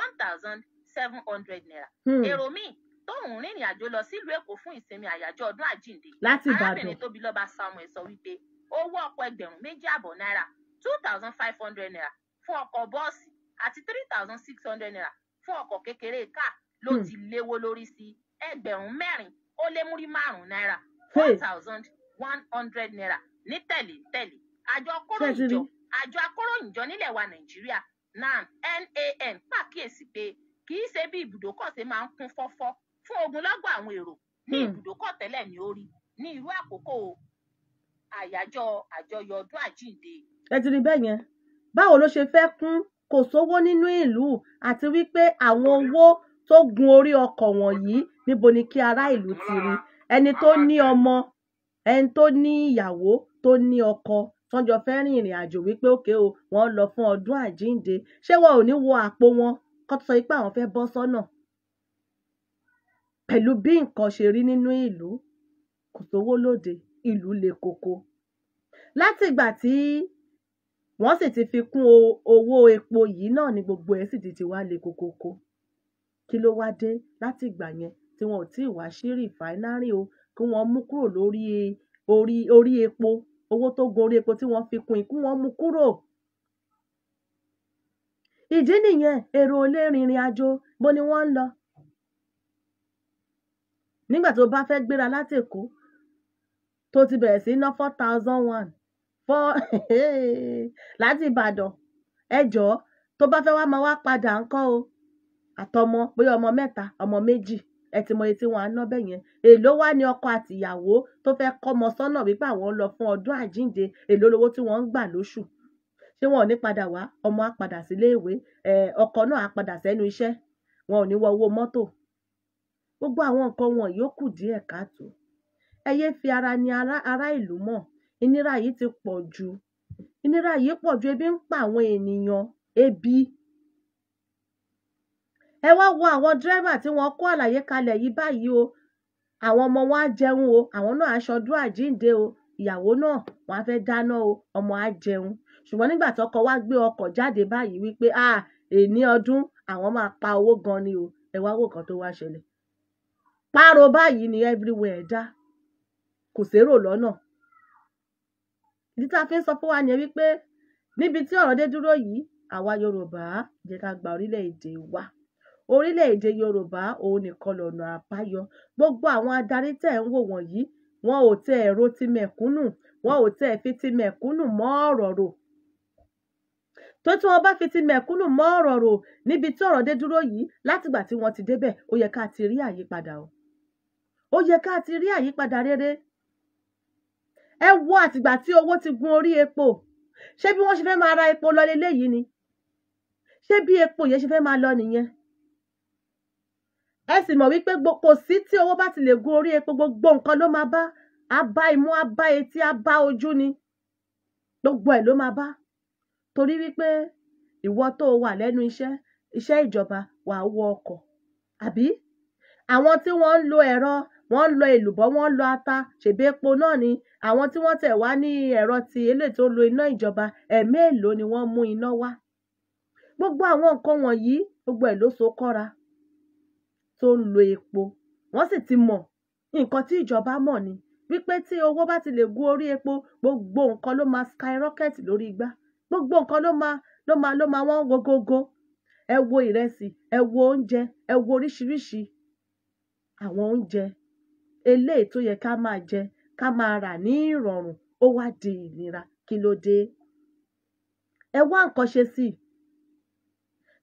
one thousand seven hundred naira. Hmm. èrò míì tóun rìnrìn àjò lọ sílùú èkó fún ìsinmi àyájọ́ ọdún àjíǹde láti ìbàdàn arábìnrin samuel sọ wípé owó ọkọ̀ ẹgbẹ̀rún méjì àbọ̀ náírà two thousand five hundred naira fún ọkọ̀ bọ́ọ̀sì àti three thousand six hundred naira fún ọkọ̀ kékeré káà ló hmm. ti léwó lórí sí ẹgbẹ̀rún mẹ́rin ó lé múrí márùn náírà four thousand one hundred naira ní tẹ̀léǹtẹ̀lé àjọ akóròyìnjọ àjọ akóròyìnjọ nílẹ̀ wa nàìjíríà nan nan pàkíyèsí pé kì í ṣe bí ibùdókọ̀ ṣe máa ń kún fọ́fọ́ fún ogunlọ́gọ̀ àwọn èrò ní hmm. ibùdókọ̀ tẹ́lẹ̀ ní orí ní irú àkókò àyájọ́ àjọyọ̀ ọdún àjíǹde. ẹ ti rí bẹ́ẹ̀ yẹn báwo ló ṣe fẹ́ kún kò sówó nínú ìlú àti wípé àwọn owó tó gun orí ọkọ̀ wọ̀nyí níbo ni kí ará ìlú ti rí ẹni tó ní ọmọ ẹni tó ní ìyàwó tó ní ọkọ tọ́jọ́ fẹ́ rìn ìrìn àjò wípé òkè o wọ́n lọ fún ọdún àjíǹde ṣé wọn ò ní wo àpò wọn kó tó àwọn fẹ́ bọ́ sọ́nà pẹ̀lú bí nǹkan ṣe rí nínú ìlú kò sówó lóde ìlú le koko látìgbà tí wọ́n sì ti fi kún owó epo yìí náà ni gbogbo ẹ̀ sì ti ti wá le kokoko kí ló wá dé látìgbà yẹn tí wọn ò tí ì wá sí rìfáínárì o kí wọ́n mú kúrò lórí orí orí epo owó tó gun orí epo tí wọ́n fi kún kí wọ́n mú kúrò ìdí nìyẹn èrò ò lè rìnrìn ni wọ́n ń lọ nígbà tó bá fẹ́ gbéra láti Èkó tó ti bẹ̀rẹ̀ sí ná four thousand one four láti Ìbàdàn ẹ jọ̀ọ́ tó bá fẹ́ wá máa wá padà ńkọ́ o àtọmọ bóyá ọmọ mẹ́ta ọmọ méjì ẹ ti mọ iye tí wọn á ná bẹ́ẹ̀ yẹn èló wá ní ọkọ àtìyàwó tó fẹ́ kọ́mọ sọ́nà wípé àwọn lọ fún ọdún àjínde èló lówó tí wọ́n ń gbà lóṣù ṣé wọn ò ní padà wá ọmọ á padà sílé ìwé ọkọ náà á padà sẹ́nu iṣẹ́ wọn ò ní wọ owó mọ́tò Gbogbo àwọn nǹkan wọ̀nyí ó kù díẹ̀ káàtò. Ẹ yé fi ara ni ará ìlú mọ̀. Ìnira yìí ti pọ̀ jù. Ìnira yìí pọ̀ jù. Ebi ń pa àwọn ènìyàn. Ebi. Ẹ wá wo àwọn dírẹ́bà tí wọ́n kó àlàyé kalẹ̀ yìí báyìí o. Àwọn ọmọ wọn á jẹun o. Àwọn náà á ṣọdún àjíǹde o. Ìyàwó náà wọ́n á fẹ́ dáná o. Ọmọ á jẹun. Ṣùgbọ́n nígbà tí ọkọ wá gbé ọkọ̀ jáde báyìí wípé, "à, èní ọdún, àwọn máa pa owó gan ni o." Ẹ wá wo nǹkan tó wá ṣẹlẹ̀ páro báyìí ni everywhere dá kò sérò lọ́nà ìdí tá a fi ń sọ fún wa nìyẹn wípé níbi tí ọ̀rọ̀ dé dúró yìí àwa Yorùbá jẹ́ ká gba orílẹ̀-èdè wa orílẹ̀-èdè Yorùbá òun nìkan lọ̀nà àbáyọ gbogbo àwọn adarí tẹ̀ ń wò wọ̀nyí wọn ò tẹ ẹ̀rọ ti mẹ̀kúnnù wọn ò tẹ fi ti mẹ̀kúnnù mọ́ ọ̀rọ̀ rò tó tí wọn bá fi ti mẹ̀kúnnù mọ́ ọ̀rọ̀ rò níbi tí ọ̀rọ̀ dé dúró yìí látìgbà tí wọ́n ti débẹ̀ ó yẹ ká ti rí àyípadà o ó yẹ ká ti rí àyípadà rere ẹ wo àtìgbà tí owó ti gun orí epo ṣé bí wọ́n ṣe fẹ́ máa ra epo lọ leléyìí ni ṣé bí epo yẹn ṣe fẹ́ máa lọ nìyẹn ẹ sì mọ̀ wípé kò sí tí owó bá ti lè gun orí epo gbogbo nǹkan ló máa bá a bá imú a bá etí a bá ojú ni gbogbo ẹ̀ ló máa bá torí wípé ìwọ tó wà lẹ́nu iṣẹ́ iṣẹ́ ìjọba wàá wọ ọkọ̀ àbí àwọn tí wọ́n ń lo ẹ̀rọ wọ́n ń lọ èlùbọ́ wọ́n ń lọ ata ṣèbí epo náà ni àwọn tí wọ́n tẹ̀ wá ní ẹ̀rọ ti eléyìí tó lo iná ìjọba ẹ̀mí èlò ni wọ́n mú iná wá gbogbo àwọn nǹkan wọ̀nyí gbogbo ẹ̀ ló so kọ́ra tó ń lo epo wọ́n sì ti mọ̀ nǹkan tí ìjọba mọ̀ ni wípé tí owó bá ti lè gun orí epo gbogbo nǹkan ló máa skyrocket lórí igbá gbogbo nǹkan ló máa ló máa ló máa wọ́n gogogo ẹ wo ìrẹsì ẹ wo oúnjẹ ẹ wo oríṣiríṣi àwọn oúnjẹ eléyìí tó yẹ ká máa jẹ ká máa rà ní ìrọ̀rùn ó wá di ìnira kí ló dé ẹ wá nǹkan ṣe sí i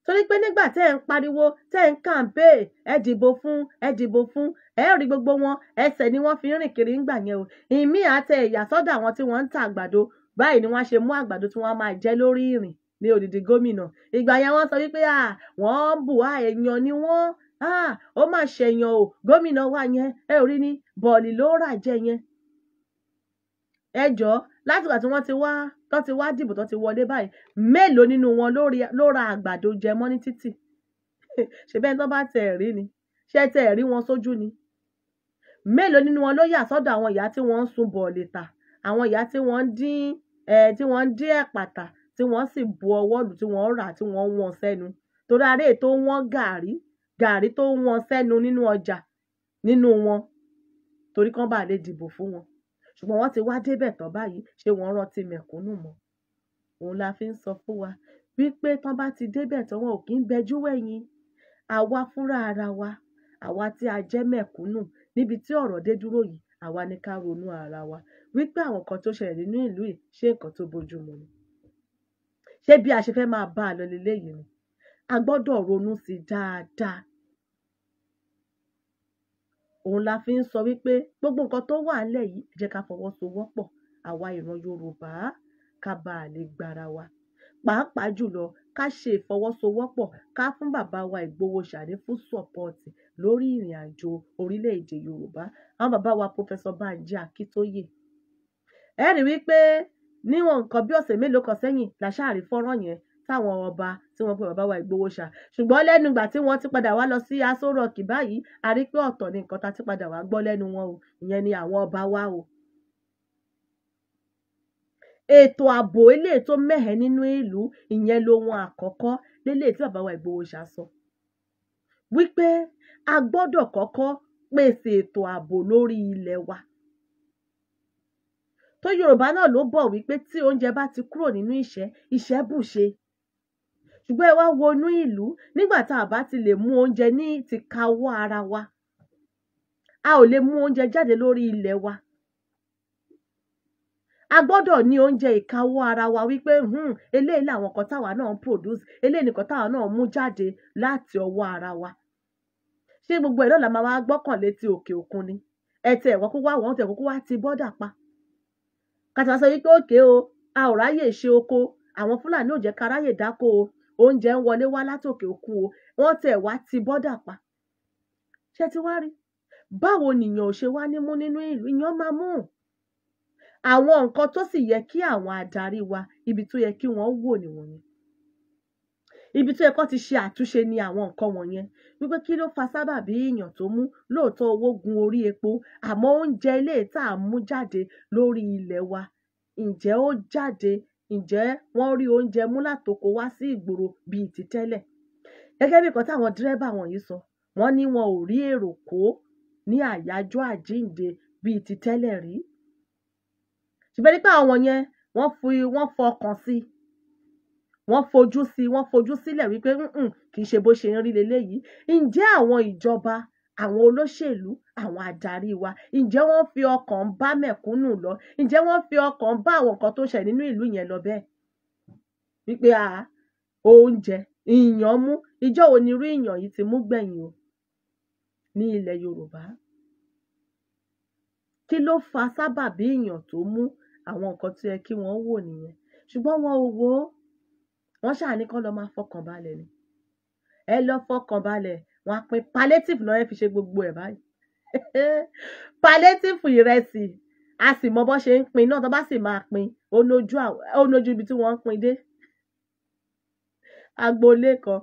torí pé nígbà tẹ́ ẹ̀ ń pariwo tẹ́ ẹ̀ ń kàǹpéè ẹ dìbò fún ẹ dìbò fún ẹ rí gbogbo wọn ẹsẹ̀ ni wọ́n fi ń rìn kiri ńgbà yẹn o ìmí àtẹ ìyà sọ́dọ̀ àwọn tí wọ́n ń ta àgbàdo báyìí ni wọ́n ṣe mú àgbàdo tí wọ́n máa jẹ lórí ìrìn ní odidi gómìnà ìgbà yẹn wọ́n sọ wípé à wọ́n bùhá èèyàn ni wọ́n ah ó mà ṣèyàn o gómìnà wa yẹn ẹ ò rí ni bọ̀ọ̀lì ló rà jẹ yẹn ẹ jọ̀ọ́ látìgbà tí wọ́n ti wá tó ti wá dìbò tó ti wọlé báyìí mélòó nínú wọn ló ra àgbàdo jẹ mọ́ ní títì ṣe bẹ́ẹ̀ tó bá tẹ̀ rí ni ṣe tẹ̀ rí wọn sójú ni mélòó nínú wọn ló yà sọ́dọ̀ àwọn ìyá tí wọ́n ń sun bọ̀ọ̀lì ta àwọn ìyá tí wọ́n ń dín ẹ̀ tí wọ́n dín ẹ̀pà ta tí wọ́n sì bu ọwọ́ lù tí wọ́n rà tí wọ́n wọ́n sẹ́nu torí aré tó wọ́n gàrí gàárì tó ń wọn sẹ́nu nínú ọjà nínú wọn torí kán bá lè dìbò fún wọn ṣùgbọ́n wọ́n ti wá débẹ̀ tán báyìí ṣé wọ́n rántí mẹ̀kúnnù mọ́ òun la fi ń sọ fún wa wípé tán bá ti débẹ̀ tán wọn ò kí ń bẹjú wẹ̀yìn àwa fúnra ara wa àwa tí a jẹ́ mẹ̀kúnnù níbi tí ọ̀rọ̀ dé dúró yìí àwa ni ká ronú ara wa wípé àwọn kan tó ṣẹlẹ̀ nínú ìlú yìí ṣé nǹkan tó bójúmu ni ṣé bí a ṣe fẹ́ máa bá a lọ leléyìí ni a gbọ́dọ̀ ronú sí dáadáa òun la fi ń sọ wípé gbogbo nǹkan tó wà nílẹ̀ yìí ẹ jẹ́ ká fọwọ́sowọ́pọ̀ àwa ìran Yorùbá ká bá a lè gbára wa pàápàá jùlọ ká ṣe ìfọwọ́sowọ́pọ̀ ká fún bàbá wa Ìgbòho Ṣàdé fún sọ́pọ́ọ̀tì lórí ìrìn àjò orílẹ̀-èdè Yorùbá àwọn bàbá wa Professor Banji Akíntóyè ẹ rí wípé níwọ̀n nǹkan bí ọ̀sẹ̀ mélòó kan sẹ́yìn la ṣáà rí fọ́nrán yẹn táwọn ọba tí wọ́n pe bàbá wa Ìgbòho-ṣà ṣùgbọ́n lẹ́nu ìgbà tí wọ́n ti padà wá lọ sí Aso Rock báyìí a rí pé ọ̀tọ̀ ni nǹkan tá ti padà wá gbọ́ lẹ́nu wọn o ìyẹn ni àwọn ọba wa o. ètò ààbò ilé tó mẹ́hẹ̀ẹ́ nínú ìlú ìyẹn lohun àkọ́kọ́ lélẹ̀ tí bàbá wa Ìgbòho-ṣà sọ wípé a gbọ́dọ̀ kọ́kọ́ pèsè ètò ààbò lórí ilẹ̀ wa tó Yorùbá náà ló bọ̀ wípé tí oúnjẹ bá ti kúrò nínú ìṣẹ́ ìṣẹ́ bùṣe ṣùgbọ́n ẹ wá wọnú ìlú nígbà tá a bá ti lè mú oúnjẹ ní ti kawọ́ ara wa a ò lè mú oúnjẹ jáde lórí ilẹ̀ wa a gbọ́dọ̀ ní oúnjẹ ìkáwọ́ ara wa wípé hmm, eléyìí làwọn kan táwa náà ń produce eléyìí nìkan táwa náà mú jáde láti ọwọ́ ara wa ṣé gbogbo ẹ̀ náà la máa wá gbọ́kànlé ti òkè òkun ni ẹ̀tẹ̀ ẹ̀wọ́n kó wá wọ́n tẹ̀ kó wá ti bọ́dà pa kàtà sọ wípé òkè o a ò ráyè ṣe oko àwọn fúlàní ò jẹ́ ká ráyè dáko o oúnjẹ ń wọlé wá látòkè òkun o wọ́n tẹ̀ wá ti bọ́dà pa ṣé ti wá rí báwo nìyàn ò ṣe wá ní mú nínú ìlú ìyàn máa mú àwọn nǹkan tó sì yẹ kí àwọn adarí wa ibi tó yẹ kí wọ́n wò nìwọ̀nyí ibi tó yẹ kó ti ṣe àtúnṣe ni àwọn nǹkan wọ̀nyẹn wípé kí ló fa sábàbí èèyàn tó mú lóòótọ́ owó gun orí epo àmọ́ oúnjẹ ilé tá a mú jáde lórí ilẹ̀ wa ǹjẹ́ ó jáde ǹjẹ́ wọ́n rí oúnjẹ mú látoko wá sí ìgboro bíi ti tẹ́lẹ̀ gẹ́gẹ́ bí nǹkan táwọn dírẹ́bà wọ̀nyí sọ wọ́n ní wọn ò rí èrò kó ní àyájọ́ àjíǹde bíi ti tẹ́lẹ̀ rí ṣùgbọ́n nípa àwọn yẹn wọ́n fi wọ́n fọkàn sí wọ́n fojú sí wọ́n fojú sílẹ̀ wípé kì í ṣe bó ṣe ń rí leléyìí ǹjẹ́ àwọn ìjọba àwọn olóṣèlú àwọn adarí wa ǹjẹ́ wọ́n fi ọkàn bá mẹ̀kúnnù lọ ǹjẹ́ wọ́n fi ọkàn bá àwọn nǹkan tó ṣẹ nínú ìlú yẹn lọ bẹ́ẹ̀ wípé a oúnjẹ ìyàn mú ìjọ́ wo ni irú ìyàn yìí ti mú gbẹ̀yìn o ní ilẹ̀ Yorùbá kí ló fa sábàbí ìyàn tó mú àwọn nǹkan tó yẹ kí wọ́n wò nìyẹn ṣùgbọ́n wọn ò wò ó wọ́n ṣáà ní máa fọkàn balẹ̀ ni ẹ lọ fọkàn balẹ̀ wọ́n á palliative lọ́rẹ́ fi ṣe gbogbo ẹ̀ báyìí palliative ìrẹsì a sì mọ bó ṣe ń pín náà tó bá sì máa pín ó nójú ibi tí wọ́n ń pín dé agboolé kan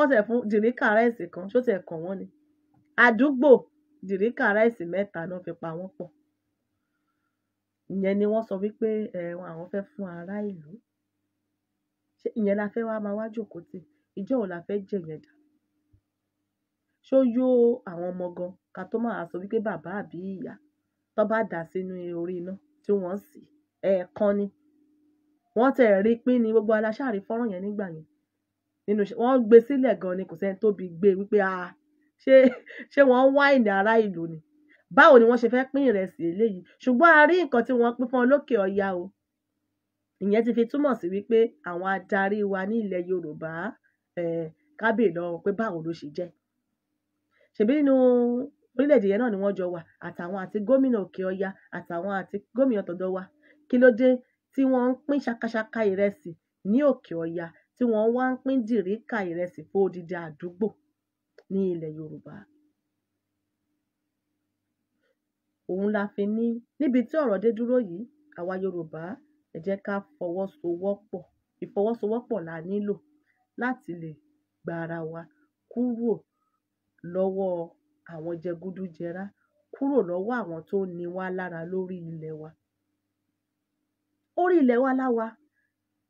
ọ̀sẹ̀ fún dìríkà ráìsì kan ṣó tẹ̀ kàn wọ́n ni àdúgbò dìríkà ráìsì mẹ́ta náà fi pa wọ́n pọ̀ ìyẹn ni wọ́n sọ wípé ẹ̀wọ̀n àwọn fẹ́ fún ará ìlú ìyẹn la fẹ́ wá máa wá jòkó tì ìjọ́ òun la fẹ́ jẹ̀yẹn ṣó yó àwọn ọmọ gan ká tó máa sọ wípé bàbá àbí ìyá tó bá dà sínú orí iná tí wọ́n sì ẹ̀ẹ̀kan ni. Wọ́n tẹ̀ rí pín ni gbogbo wa la ṣáà rí fọ́nrán yẹn nígbà yẹn. Nínú ṣe wọ́n gbé sílẹ̀ gan ni kò sí ẹni tó bi gbé wípé a ṣé ṣé wọ́n ń wáìnì ará ìlú ni. Báwo ni wọ́n ṣe fẹ́ pín ìrẹsì eléyìí? Ṣùgbọ́n a rí nǹkan tí wọ́n pín fún wọn lókè ọya o. Ìyẹn ti fi túmọ̀ sí wípé àwọn adarí wa ní ilẹ̀ Yorùbá, ẹ̀, kábè lọ́wọ́ pé báwo ló ṣe jẹ́. Ṣèbí inú orílẹ̀-èdè yẹn náà ni wọ́n jọ wà àtàwọn àti gómìnà òkè ọya àtàwọn àti gómìnà tọ̀dọ̀ wa. Kí ló dé tí wọ́n ń pín ṣakaṣaka ìrẹsì ní òkè ọya tí wọ́n wá ń pín dìríkà ìrẹsì fún odidi àdúgbò ní ilẹ̀ Yorùbá? Òun la fi ní níbi tí ọ̀rọ̀ dé dúró yìí, àwa Yorùbá ẹ jẹ́ ká fọwọ́sowọ́pọ̀. Ìfọwọ́sowọ́pọ̀ la nílò láti lè gba ara wa kúrò lọ́wọ́ àwọn jẹgúdújẹrá kúrò lọ́wọ́ àwọn tó ní wá lára lórí ilẹ̀ wa. Orí ilẹ̀ wa láwa,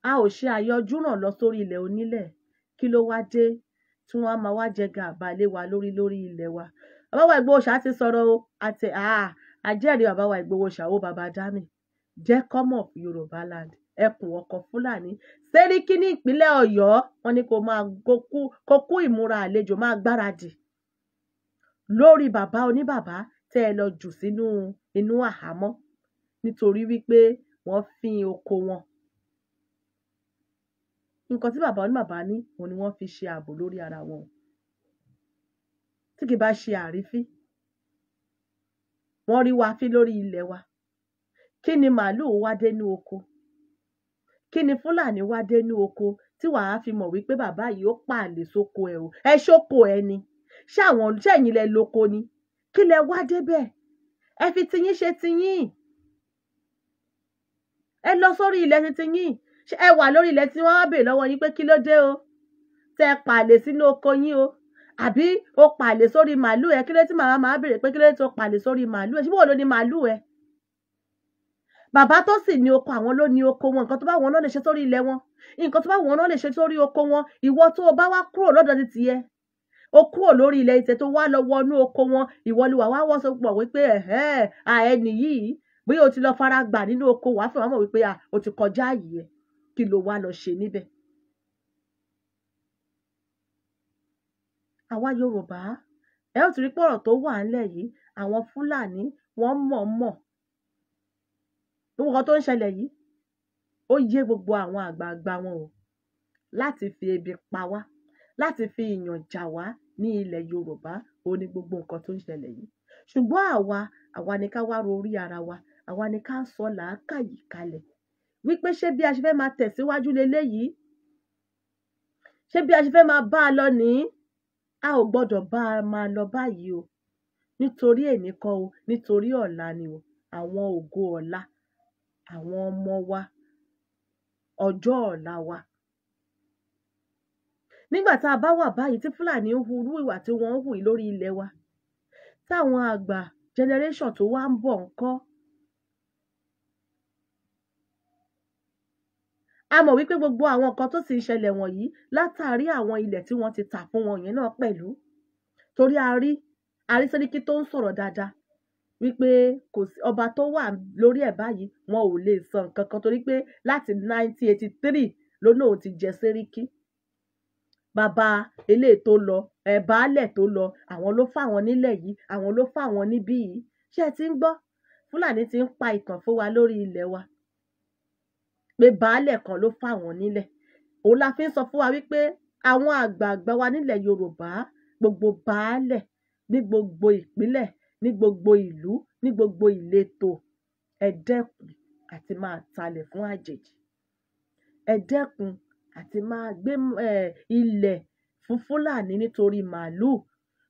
a ò ṣe àyọjúràn lọ sórí ilẹ̀ onílẹ̀ kí ló wá dé tí wọ́n á máa wá jẹgà àbálé wa lórí lórí ilẹ̀ wa. Bàbá wa Ìgbòho ṣá ti sọ̀rọ̀ o, àtẹ àá àjẹ́rìí bàbá wa Ìgbòho ṣá o bàbá Dámì jẹ́ come of Yorùbá land ẹkùn ọkọ̀ Fúlàní. Sẹ́ríkí ní ìpínlẹ̀ Ọ̀yọ́ wọ́n ní kó máa kó kú ìmúra àlejò máa gbáradì lórí bàbá oníbàbá tẹ́ ẹ lọ jù sínú inú àhámọ́ nítorí wípé wọ́n fín oko wọn. Nǹkan tí bàbá oníbàbá ní òun ni wọ́n fi ṣe ààbò lórí ara wọn. Tí kì bá ṣe àrífín, wọ́n rí wa fín lórí ilẹ̀ wa. Kí ni màálùú wá dénú oko? Kí ni Fúlàní wá dénú oko tí wàá fi mọ̀ wípé bàbá yìí ó pààlè sóko ẹ̀ o? Ẹ ṣóko ẹ ni ṣé àwọn ṣé ẹ̀yin lẹ lóko ni kí lẹ wá débẹ̀ ẹ fi tiyín ṣe tiyín ẹ lọ sórí ilẹ̀ ti tiyín ẹ wà lórí ilẹ̀ tí wọ́n bè lọ́wọ́ yín pé kí ló dé o tẹ pàlè sínú oko yín o àbí o pàlè sórí màálù ẹ kí ló tí màmá máa bèrè pé kí ló tí o pàlè sórí màálù ẹ síbò ló ní màálù ẹ bàbá tó sì ní oko àwọn ló ní oko wọn nǹkan tó bá wọn náà lè ṣe sórí ilẹ̀ wọn nǹkan tó bá wọn náà lè ṣe sórí oko wọn ìwọ tó o bá wá kúrò lọ́dọ̀ ti tìyẹ ó kúrò lórí ilẹ̀ ìtẹ̀ tó wá lọ wọnú oko wọn ìwọlùwà wá wọ́n sọ pọ̀ wípé ẹ̀hẹ́ àẹni yìí bí o ti lọ fara gbà nínú oko wàá fún wa mọ̀ wípé o ti kọjá àyè ẹ̀ kí ló wá lọ ṣe níbẹ̀. àwa Yorùbá ẹ ó ti rí pọ̀rọ̀ tó wà ńlẹ̀ yìí àwọn Fúlàní wọ́n mọ̀ mọ̀ nǹkan tó ń ṣẹlẹ̀ yìí ó yé gbogbo àwọn àgbààgbà wọn o láti fi ebi pa wá láti fi ìyàn jà wá ní ilẹ̀ Yorùbá òun ni gbogbo nǹkan tó ń ṣẹlẹ̀ yìí ṣùgbọ́n àwa àwa ni ká wá ro orí ara wa àwa ni ká sọ làákàyè kalẹ̀ wípé ṣé bí a ṣe fẹ́ máa tẹ̀síwájú leléyìí ṣé bí a ṣe fẹ́ máa bá a lọ nìí a ò gbọ́dọ̀ bá a máa lọ báyìí o nítorí èmi kọ́ o nítorí ọ̀la ni o àwọn ògo ọ̀la àwọn ọmọ wa ọjọ́ ọ̀la wa nígbà tá a bá wà báyìí tí fúlàní ń hurú ìwà tí wọ́n ń hù lórí ilẹ̀ wa táwọn àgbà generation tó wá ń bọ̀ ń kọ́ a mọ̀ wípé gbogbo àwọn nǹkan tó sì ń ṣẹlẹ̀ wọ̀nyí látàrí àwọn ilẹ̀ tí wọ́n ti tà fún wọn yẹn náà pẹ̀lú torí a rí a rí Sẹ́ríkí tó ń sọ̀rọ̀ dáadáa wípé kò sí ọba tó wà lórí ẹ̀ báyìí wọn ò lè san nǹkan torí pé láti 1983 ló náà ti jẹ Sẹ́ríkí bàbá eléyìí tó lọ ẹ baálẹ̀ tó lọ àwọn ló fáwọn nílẹ̀ yìí àwọn ló fáwọn níbí yìí ṣé ẹ ti ń gbọ́ fúlàní ti ń pa ìtàn fún wa lórí ilẹ̀ wa pé baálẹ̀ kan ló fáwọn nílẹ̀ òun la fi ń sọ fún wa wípé àwọn àgbààgbà wa nílẹ̀ yorùbá gbogbo baálẹ̀ ní gbogbo ìpínlẹ̀ ní gbogbo ìlú ní gbogbo ìletò ẹ dẹ́kun àti máa talẹ̀ fún àjèjì ẹ dẹ́kun àti máa gbé ilẹ̀ fún Fúlàní nítorí màálù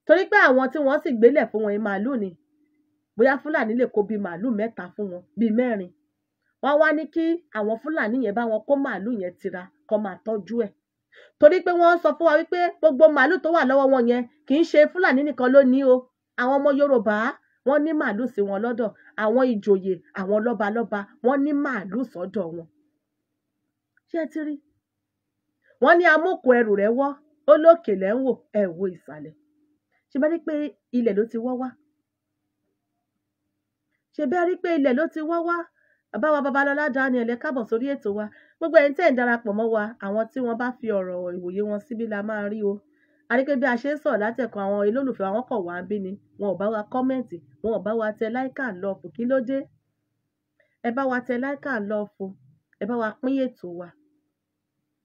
torí pé àwọn tí wọ́n sì gbélẹ̀ fún wọn màálù ni bóyá Fúlàní lè kó bíi màálù mẹ́ta fún wọn bíi mẹ́rin wọ́n wá ní kí àwọn Fúlàní yẹn bá wọn kó màálù yẹn tira kó máa tọ́jú ẹ̀ torí pé wọ́n sọ fún wa wípé gbogbo màálù tó wà lọ́wọ́ wọn yẹn kì í ṣe Fúlàní nìkan ló ní o àwọn ọmọ Yorùbá wọ́n ní màálù sí wọn lọ́dọ̀ àwọn ìjòyè àwọn lọ́balọ́ba wọ́n ní màálù sọ́dọ̀ wọn ṣé ẹ ti rí wọ́n ní amókò ẹrù rẹ̀ wọ́ ó lókè lẹ́ ń wò ẹ̀ wo ìsàlẹ̀ ṣe bá rí pé ilẹ̀ ló ti wọ́ wá ṣe bá rí pé ilẹ̀ ló ti wọ́ wá bàbá wa babalọ́lá daniel ẹ káàbọ̀ sórí ètò wa gbogbo ẹ̀yin tẹ́ ń darapọ̀ mọ́ wa àwọn tí wọ́n bá fi ọ̀rọ̀ ìwòye wọn síbí la máa rí o a rí pé bí a ṣe ń sọ̀rọ̀ látẹ̀kọ́ àwọn olólùfẹ́ àwọn kọ̀ wá bí ni wọn ò bá wa kọ́mẹ̀ǹtì wọn ò bá wa tẹ láìka lọ́ọ̀fù kí ló dé ẹ bá wa tẹ láìka lọ́ọ̀fù ẹ bá wa pín ètò wa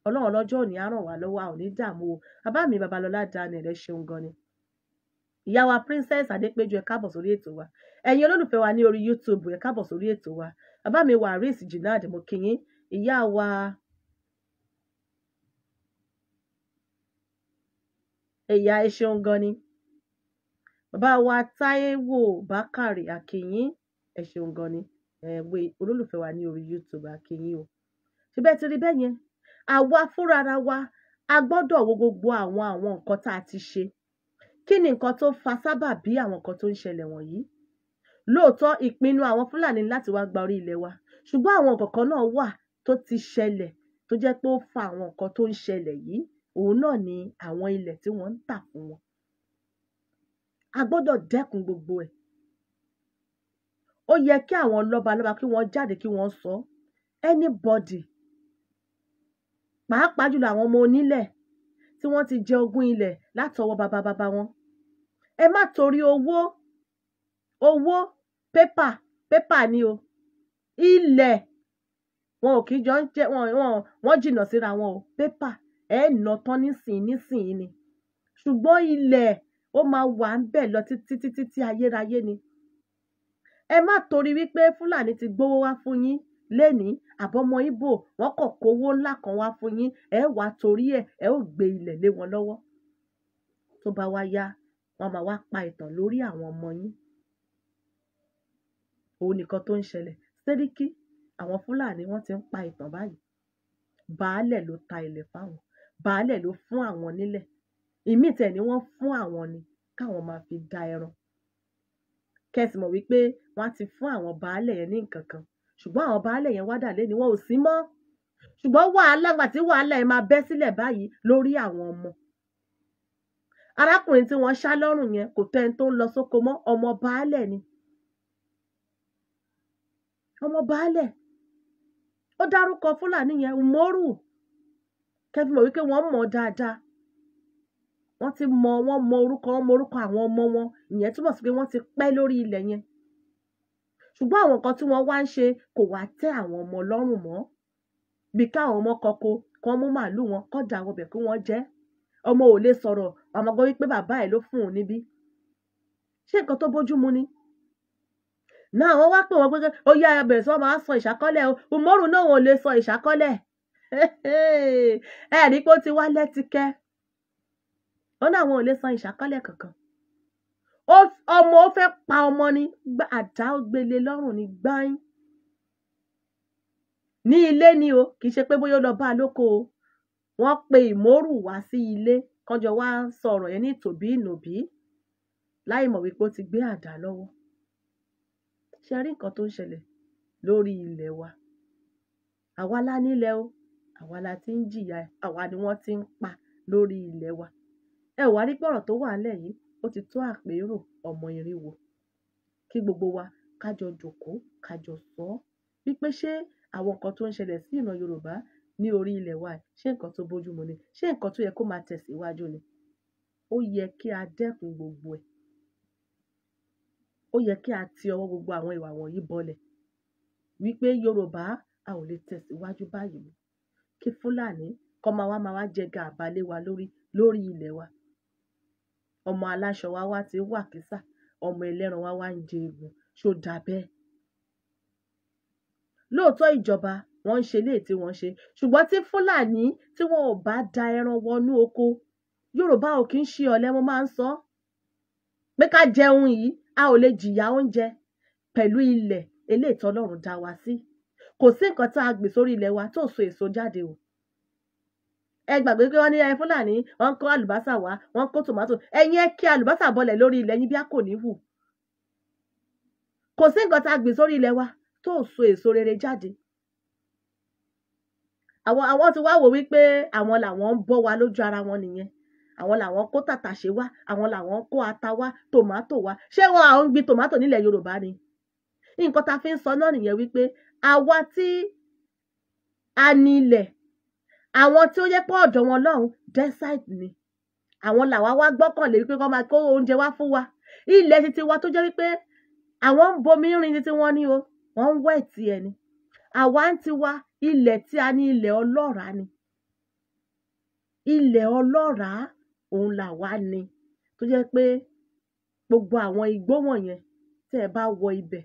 ọlọ́run ọlọ́jọ́ òní á ràn wá lọ́wọ́ a ò ní dààmú o bàbá mi babalọ́lá daniel ẹ ṣeun gan ni ìyá wa princess adépéjú ẹ káàbọ̀ sórí ètò wa ẹ̀yin olólùfẹ́ wa ní orí youtube ẹ káàbọ̀ sórí ètò wa bàbá mi wà rí ìsìnjìnà àdìmọ́ kìnyín ìyá wa ẹ̀yà ẹ ṣeun gan ni bàbá wa táíwò bákàrè àkìnyín ẹ ṣeun gan ni olólùfẹ́ wa ní orí youtube àkìnyín o ṣe bẹ́ẹ̀ ti rí bẹ́ẹ̀ yẹn àwa fúnrara wa a gbọ́dọ̀ wo gbogbo àwọn àwọn nǹkan tá a ti ṣe kí ni nǹkan tó fa sábàbí àwọn nǹkan tó ń ṣẹlẹ̀ wọ̀nyí lóòótọ́ ìpinnu àwọn Fúlàní láti wá gba orí ilẹ̀ wa ṣùgbọ́n àwọn nǹkan kan náà wà tó ti ṣẹlẹ̀ tó jẹ́ pé ó fa àwọn nǹkan tó ń ṣẹlẹ̀ yìí òun náà ni àwọn ilẹ̀ tí wọ́n ń tà fún wọn a gbọ́dọ̀ dẹ́kun gbogbo ẹ̀ ó yẹ kí àwọn lọ́balọ́ba kí wọ́n jáde kí wọ́n sọ anybody pàápàá jùlọ àwọn ọmọ onílẹ̀ tí wọ́n ti jẹ ogún ilẹ̀ látọwọ́ bàbá bàbá wọn. Ẹ má torí owó owó pépà pépà ni o ilẹ̀ wọn ò kí jọ ń jẹ́ wọn wọn wọ́n jìnnà síra wọn o pépà ẹ̀ ń nà tán nísìnyí nísìnyí ni ṣùgbọ́n ilẹ̀ ó máa wà ń bẹ̀ lọ títí títí ayérayé ni. Ẹ má torí wípé Fúlàní ti gbówó wá fún yín lẹ́ni àbọ̀mọ ibo wọ́n kọ̀ kówó ńlá kan wá fún yín ẹ wàá torí ẹ̀ ẹ ó gbé ilẹ̀ lé wọn lọ́wọ́ tó bá wá yá wọ́n máa wá pa ìtàn lórí àwọn ọmọ yín òun nìkan tó ń ṣẹlẹ̀ Sẹ́ríkí àwọn Fúlàní wọ́n ti ń pa ìtàn báyìí baálẹ̀ ló ta ilẹ̀ fáwọn baálẹ̀ ló fún àwọn nílẹ̀ ìmíì ni wọ́n fún àwọn ni káwọn máa fi da ẹran kẹsì wípé wọ́n á ti fún àwọn baálẹ̀ yẹn ní nǹkan kan ṣùgbọ́n àwọn baálẹ̀ yẹn wá dàlẹ́ ni wọn ò sí mọ́ ṣùgbọ́n wàhálà gbà tí wàhálà yẹn máa bẹ́ sílẹ̀ báyìí lórí àwọn ọmọ arákùnrin tí wọ́n ṣá lọ́rùn yẹn kò tẹ́ ẹni tó ń lọ sóko mọ́ ọmọ baálẹ̀ ni ọmọ baálẹ̀ ó dárúkọ fúlàní yẹn umoru kẹfì mọ̀ wípé wọ́n mọ̀ dáadáa wọ́n ti mọ̀ wọ́n mọ̀ orúkọ wọ́n mọ̀ orúkọ àwọn ọmọ wọn ìyẹn túbọ̀ sí pé wọ́n ti pẹ́ lórí ilẹ̀ yẹn ṣùgbọ́n àwọn nǹkan tí wọ́n wá ń ṣe kò wá tẹ́ àwọn ọmọ lọ́rùn mọ́ bí káwọn ọmọ kọko kan mú màálùú wọn kọ́ da àwọn ọbẹ̀ kí wọ́n jẹ́ ọmọ ò lè sọ̀rọ̀ àmọ́ gan wípé bàbá ẹ̀ ló fún òun níbí ṣé nǹkan tó bójú mu ni náà wọ́n wá pè wọ́n pé ó yá abẹ̀rẹ̀ sí máa sọ ìṣàkọ́lẹ̀ o umoru náà wọn ò lè sọ ìṣàkọ́lẹ̀ ẹ ti wá lẹ́tikẹ́ ó náà wọn ò lè sọ ìṣàkọ́lẹ̀ kankan ọmọ ó fẹ́ pa ọmọ ni àdá ó gbélé lọ́rùn ní gbáyìn ní ilé ni o kì í ṣe pé bóyá ó lọ bá a lóko o wọ́n pe ìmórù wá sí ilé kọjọ wá sọ̀rọ̀ yẹn ní tòbí ìnòbí láì mọ̀ wípé ó ti gbé àdá lọ́wọ́ ṣe rí nǹkan tó ń ṣẹlẹ̀ lórí ilẹ̀ wa àwa la nílẹ̀ o àwa la ti ń jìyà àwa ni wọ́n ti ń pa lórí ilẹ̀ wa ẹ wàá rí pọ̀rọ̀ tó wà nílẹ̀ yìí ó ti tó àpérò ọmọ irinwó kí gbogbo wa kájọ jókòó kájọ sọ ọ́ wípé ṣé àwọn nǹkan tó ń ṣẹlẹ̀ sí ìran Yorùbá ní orí ilẹ̀ wa ṣé nǹkan tó bójúmu ni ṣé nǹkan tó yẹ kó máa tẹ̀síwájú ni ó yẹ kí a dẹ́kun gbogbo ẹ̀ ó yẹ kí a ti ọwọ́ gbogbo àwọn ìwà wọ̀nyí bọlẹ̀ wípé Yorùbá a ò lè tẹ̀síwájú báyìí kí Fúlàní kọ́ máa wá máa wá jẹ gàba wa lórí lórí ilẹ̀ wa ọmọ aláṣọ wa wá ti wà kísà ọmọ ẹlẹ́ran wa wá ń jẹ egun ṣó dà bẹ́ẹ̀. lóòótọ́ ìjọba wọ́n ń ṣe léè tí wọ́n ṣe ṣùgbọ́n tí fúlàní tí wọn ò bá da ẹran wọnú oko yorùbá ò kí ń ṣe ọ̀lẹ wọn máa ń sọ pé ká jẹun yìí a ò lè jìyà oúnjẹ pẹ̀lú ilẹ̀ eléètọ́ ọlọ́run dá wa sí kò sí nǹkan tá a gbìn sórí ilẹ̀ wa tó so èso jáde o ẹ gbàgbé pé wọ́n ní ẹ fúlàní wọ́n ń kó àlùbásà wá wọ́n ń kó tòmátò ẹ̀yin ẹ kí àlùbásà bọlẹ̀ lórí ilẹ̀ yín bí a kò ní hù kò sí nǹkan tá a gbìn sórí ilẹ̀ wa tó so èso rere jáde àwọn àwọn ti wá wò wípé àwọn làwọn ń bọ́ wa lójú ara wọn nìyẹn àwọn làwọn kó tàtàṣé wá àwọn làwọn kó ata wá tòmátò wá ṣé wọn àwọn ń gbin tòmátò nílẹ̀ Yorùbá ni nǹkan tá a fi ń sọ náà nìyẹn wípé àwa tí a nílẹ̀ àwọn tí ó yẹ pé ọ̀dọ̀ wọn lọ́hùn desert ni àwọn làwa wá gbọ́kànlé wípé kọ́ máa kó oúnjẹ wá fún wa ilẹ̀ titi wa tó jẹ́ wípé àwọn ń bomi rin titi wọn ni o wọ́n ń wẹ̀ tí ẹni àwa ń tiwa ilẹ̀ tí a ní ilẹ̀ ọlọ́ràá ni ilẹ̀ ọlọ́ràá òun làwa ni tó jẹ́ pé gbogbo àwọn igbó wọ̀nyẹn tẹ́ ẹ bá wọ ibẹ̀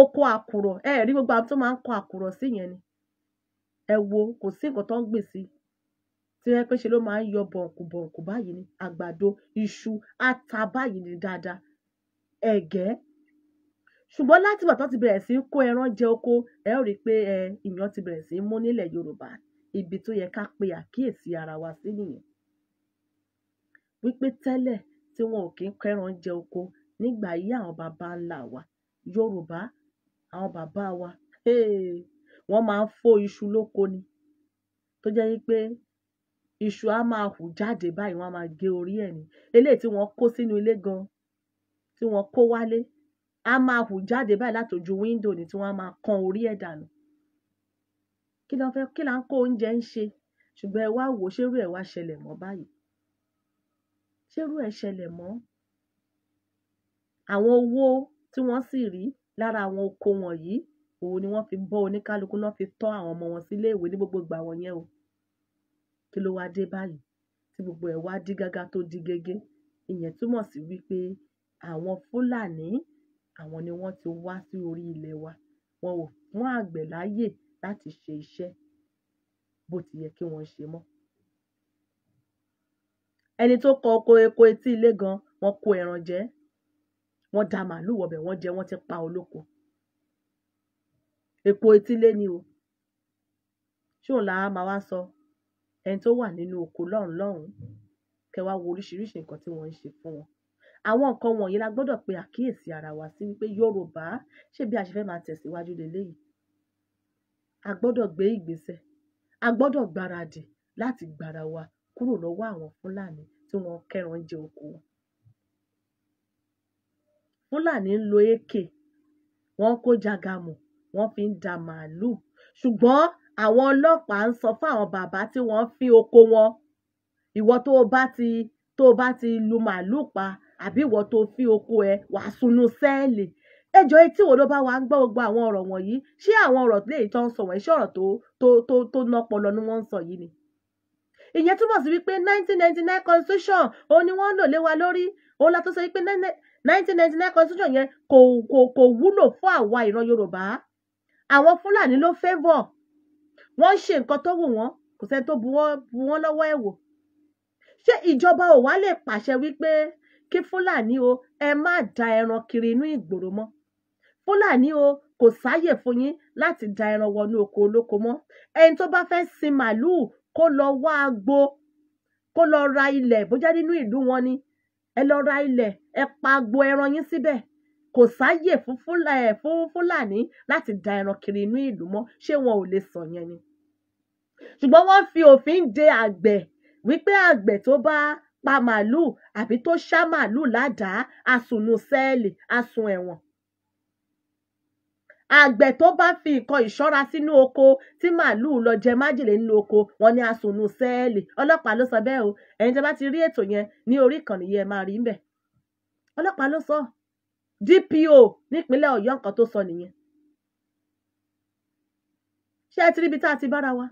oko àkùrọ̀ ẹ rí gbogbo àwọn tó máa ń kọ àkùrọ̀ sí yẹn ni ẹ wo kò sí nǹkan tó ń gbìn sí tí wọ́n pé ṣe ló máa ń yọ bọ̀ǹkù bọ̀ǹkù báyìí ni àgbàdo iṣu ata báyìí ni dáadáa ẹ̀gẹ́ ṣùgbọ́n láti ìgbà tó ti bẹ̀rẹ̀ sí í kó ẹran jẹ oko ẹ ó rí i pé ẹ ìyàn ti bẹ̀rẹ̀ sí mú nílẹ̀ Yorùbá ibi tó yẹ ká pe àkíyèsí ara wa sí nìyẹn wípé tẹ́lẹ̀ tí wọn ò kí ń kẹ́ran jẹ oko nígbà yí àwọn baba ńlá wa Yorùbá àwọn baba wa. Hey wọ́n máa ń fó iṣu lóko ni tó jẹ́ wípé iṣu á máa hù jáde báyìí wọ́n á máa gé orí ẹ̀ ni eléyìí tí wọ́n kó sínú ilé gan tí wọ́n kó wálé á máa hù jáde báyìí látòjú wíńdò ni tí wọ́n á máa kan orí ẹ̀ dànù kí ló fẹ́ kí là ń kó oúnjẹ ń ṣe ṣùgbọ́n ẹ wá wò ṣérú ẹ̀ wá ṣẹlẹ̀ mọ́ báyìí ṣérú ẹ̀ ṣẹlẹ̀ mọ́ àwọn owó tí wọ́n sì rí lára àwọn oko wọ̀nyí òun ni wọ́n fi bọ́ oníkálukú náà fi tọ́ àwọn ọmọ wọn sí ilé ìwé ní gbogbo ìgbà wọ̀nyẹn o kí ló wá dé báyìí tí gbogbo ẹ̀ wá dí gágá tó di gégé ìyẹn túmọ̀ sí wípé àwọn Fúlàní àwọn ni wọ́n ti wá sí orí ilẹ̀ wa wọn ò fún àgbẹ̀ láyè láti ṣe iṣẹ́ bó ti yẹ kí wọ́n ṣe mọ́ ẹni tó kọ oko eko etí ilé gan wọ́n kó ẹran jẹ wọ́n da màálù wọbẹ̀ wọ́n jẹ wọ́n ti pa olóko epo etílé ni o ṣóun la máa wá sọ ẹni tó wà nínú oko lọ́hùn lọ́hùn kẹ wá wo oríṣiríṣi nǹkan tí wọ́n ń ṣe fún wọn àwọn nǹkan wọ̀nyí la gbọ́dọ̀ pe àkíyèsí ara wa sí wípé Yorùbá ṣé bí a ṣe fẹ́ máa tẹ̀síwájú leléyìí a gbọ́dọ̀ gbé ìgbésẹ̀ a gbọ́dọ̀ gbáradì láti gbára wa kúrò lọ́wọ́ àwọn Fúlàní tí wọ́n kẹ́ran jẹ oko wa Fúlàní ń lo AK wọ́n kó jàgàmù wọ́n fi ń da màálùú ṣùgbọ́n àwọn ọlọ́pàá ń sọ fún àwọn bàbá tí wọ́n ń fín oko wọn ìwọ tó o bá ti tó o bá ti lu màálùú pa àbí ìwọ tó o fín oko ẹ wàá sunu sẹ́ẹ̀lì ẹjọ́ etí wo ló bá wa ń gbọ́ gbogbo àwọn ọ̀rọ̀ wọ̀nyí ṣé àwọn ọ̀rọ̀ lè tó ń sọ wọ̀nyí ṣé ọ̀rọ̀ tó tó tó tó nọpọlọ ni wọ́n ń sọ yìí ni. ìyẹn túmọ̀ sí wípé nineteen ninety nine constitution òun ni wọ́n ń lò lé wa lórí òun la tó sọ wípé nineteen ninety nine constitution yẹn kò kò kò wúlò fún àwa ìran Yorùbá àwọn fúlàní ló fẹ́vọ̀ wọ́n ń ṣe nǹkan tó wù wọ́n kò sẹ́ni tó bu wọ́n lọ́wọ́ ẹ̀ wò ṣé ìjọba ò wá lè pàṣẹ wípé kí fúlàní o ẹ má da ẹran kiri inú ìgboro mọ́ fúlàní o kò sáàyè fún yín láti da ẹran wọnú oko olóko mọ́ ẹni tó bá fẹ́ sin màlúù kó lọ wá agbo kó lọ ra ilẹ̀ bójá nínú ìlú wọn ni ẹ lọ ra ilẹ̀ ẹ pa agbo ẹran yín síbẹ̀ kò sáàyè eh, fún fúlàní láti da ẹran kiri inú ìlú mọ́ ṣé wọn ò lè sọ yẹn ni. ṣùgbọ́n wọ́n fi òfin de àgbẹ̀ wípé àgbẹ̀ tó bá pa màálùú àbí tó ṣá màálùú ládàá asùnù sẹ́ẹ̀lì asùn ẹ̀wọ̀n àgbẹ̀ tó bá fi nǹkan ìṣọ́ra sínú oko tí màálùú lọ jẹ májèlé nínú oko wọn ni asùnù sẹ́ẹ̀lì ọlọ́pàá ló sọ bẹ́ẹ̀ o ẹ̀yin tí a bá ti rí ètò yẹn ní orí ìkànnì yẹn máa rí ń ọlọ́pàá ló sọ DPO nípínlẹ̀ Ọ̀yọ́ nǹkan tó sọ nìyẹn ṣé ẹ ti ríbi tá a ti bára wa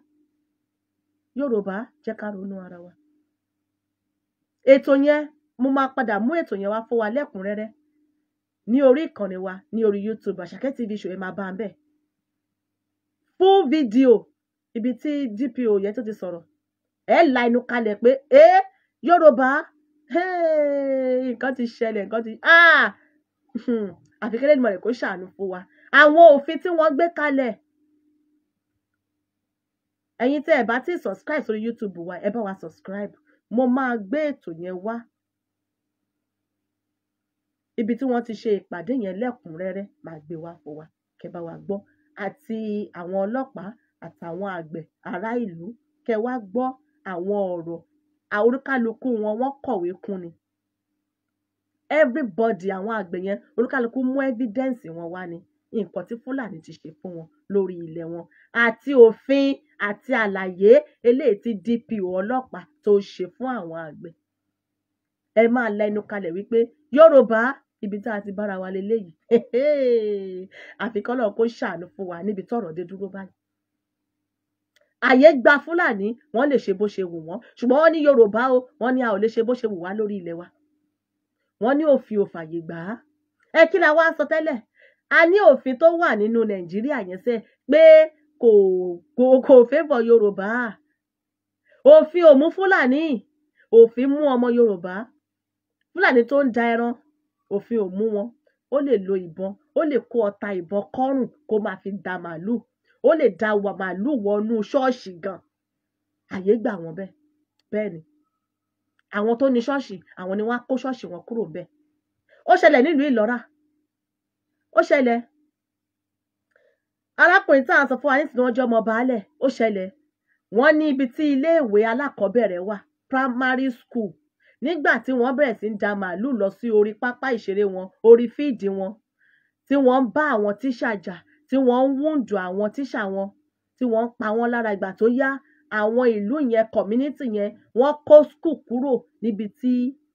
Yorùbá jẹ́ ká ronú ara wa ètò yẹn mo máa padà mú ètò yẹn wá fún wa lẹ́kùnrẹ́rẹ́ ní orí ìkànnì wa ní orí YouTube Àṣàkẹ́ TV show ẹ máa bá a bẹ́ẹ̀ fún fídíò ibi tí DPO yẹn tó ti sọ̀rọ̀ ẹ la inú kalẹ̀ pé ẹ Yorùbá nǹkan ti ṣẹlẹ̀ nǹkan ti ah Hmm. àfi kí Elédùmarè kó ṣàánú fún wa àwọn òfin tí wọ́n gbé kalẹ̀ ẹ̀yin tẹ́ ẹ̀ bá ti subscribe sórí YouTube wa ẹ bá wa subscribe mo máa gbé ètò yẹn wá ibi tí wọ́n ti ṣe ìpàdé yẹn lẹ́kùnrẹ́rẹ́ máa gbé wá fún wa kẹ́ bá wa gbọ́ àti àwọn ọlọ́pàá àtàwọn àgbẹ̀ ará ìlú kẹ́ wá gbọ́ àwọn ọ̀rọ̀ àorúkálukú wọn wọ́n kọ̀wé kún ni everybody àwọn àgbẹ̀ yẹn olúkálukú mú evidence wọn wá ni nǹkan tí fúlàní ti ṣe fún wọn lórí ilẹ̀ wọn àti òfin àti àlàyé eléyìí tí DPO ọlọ́pàá tó ṣe fún àwọn àgbẹ̀ ẹ máa lẹnu kalẹ̀ wípé Yorùbá ibi tá a ti bára wa leléyìí àfikọ́lọ́ kó ṣàánú fún wa níbi tọ́rọ̀ dé dúró báyìí àyè gba fúlàní wọn lè ṣe bó ṣe wù wọn ṣùgbọ́n wọn ní Yorùbá o wọn ní a ò lè ṣe bó ṣe wù wá lórí ilẹ̀ wa wọ́n ní òfin ò fàyè gbà á ẹ kí la wá sọ tẹ́lẹ̀ a ní òfin tó wà nínú nàìjíríà yẹn sẹ́ pé kò kò kò fẹ́bọ̀ yorùbá òfin ò mú fúlàní òfin mú ọmọ yorùbá fúlàní tó ń da ẹran òfin ò mú wọn ó lè lo ìbọn ó lè kó ọta ìbọn kọ́rùn kó máa fi da màálù ó lè da wà màálù wọnú ṣọ́ọ̀ṣì gan àyè gbà wọ́n bẹ́ẹ̀ bẹ́ẹ̀ ni àwọn tó ní ṣọ́ọ̀ṣì àwọn ni wọ́n á kó ṣọ́ọ̀ṣì wọn kúrò bẹ́ẹ̀ ó ṣẹlẹ̀ nílùú Ìlọ́ra ó ṣẹlẹ̀ arákùnrin tá à ń sọ fún wa nítorí wọ́n jọ ọmọ baálẹ̀ ó ṣẹlẹ̀ wọ́n ní ibi tí iléèwé alákọ̀ọ́bẹ̀rẹ̀ wà primary school nígbà tí wọ́n bẹ̀rẹ̀ sí ń da màálù lọ sí orí pápá ìṣeré wọn orí fíìdì wọn tí wọ́n ń bá àwọn tíṣà jà tí wọ́n ń wúndùn àwọn tíṣà wọn tí wọ́n ń pa wọ́n lára ìgbà tó yá àwọn ìlú yẹn community yẹn wọ́n kó school kúrò níbi tí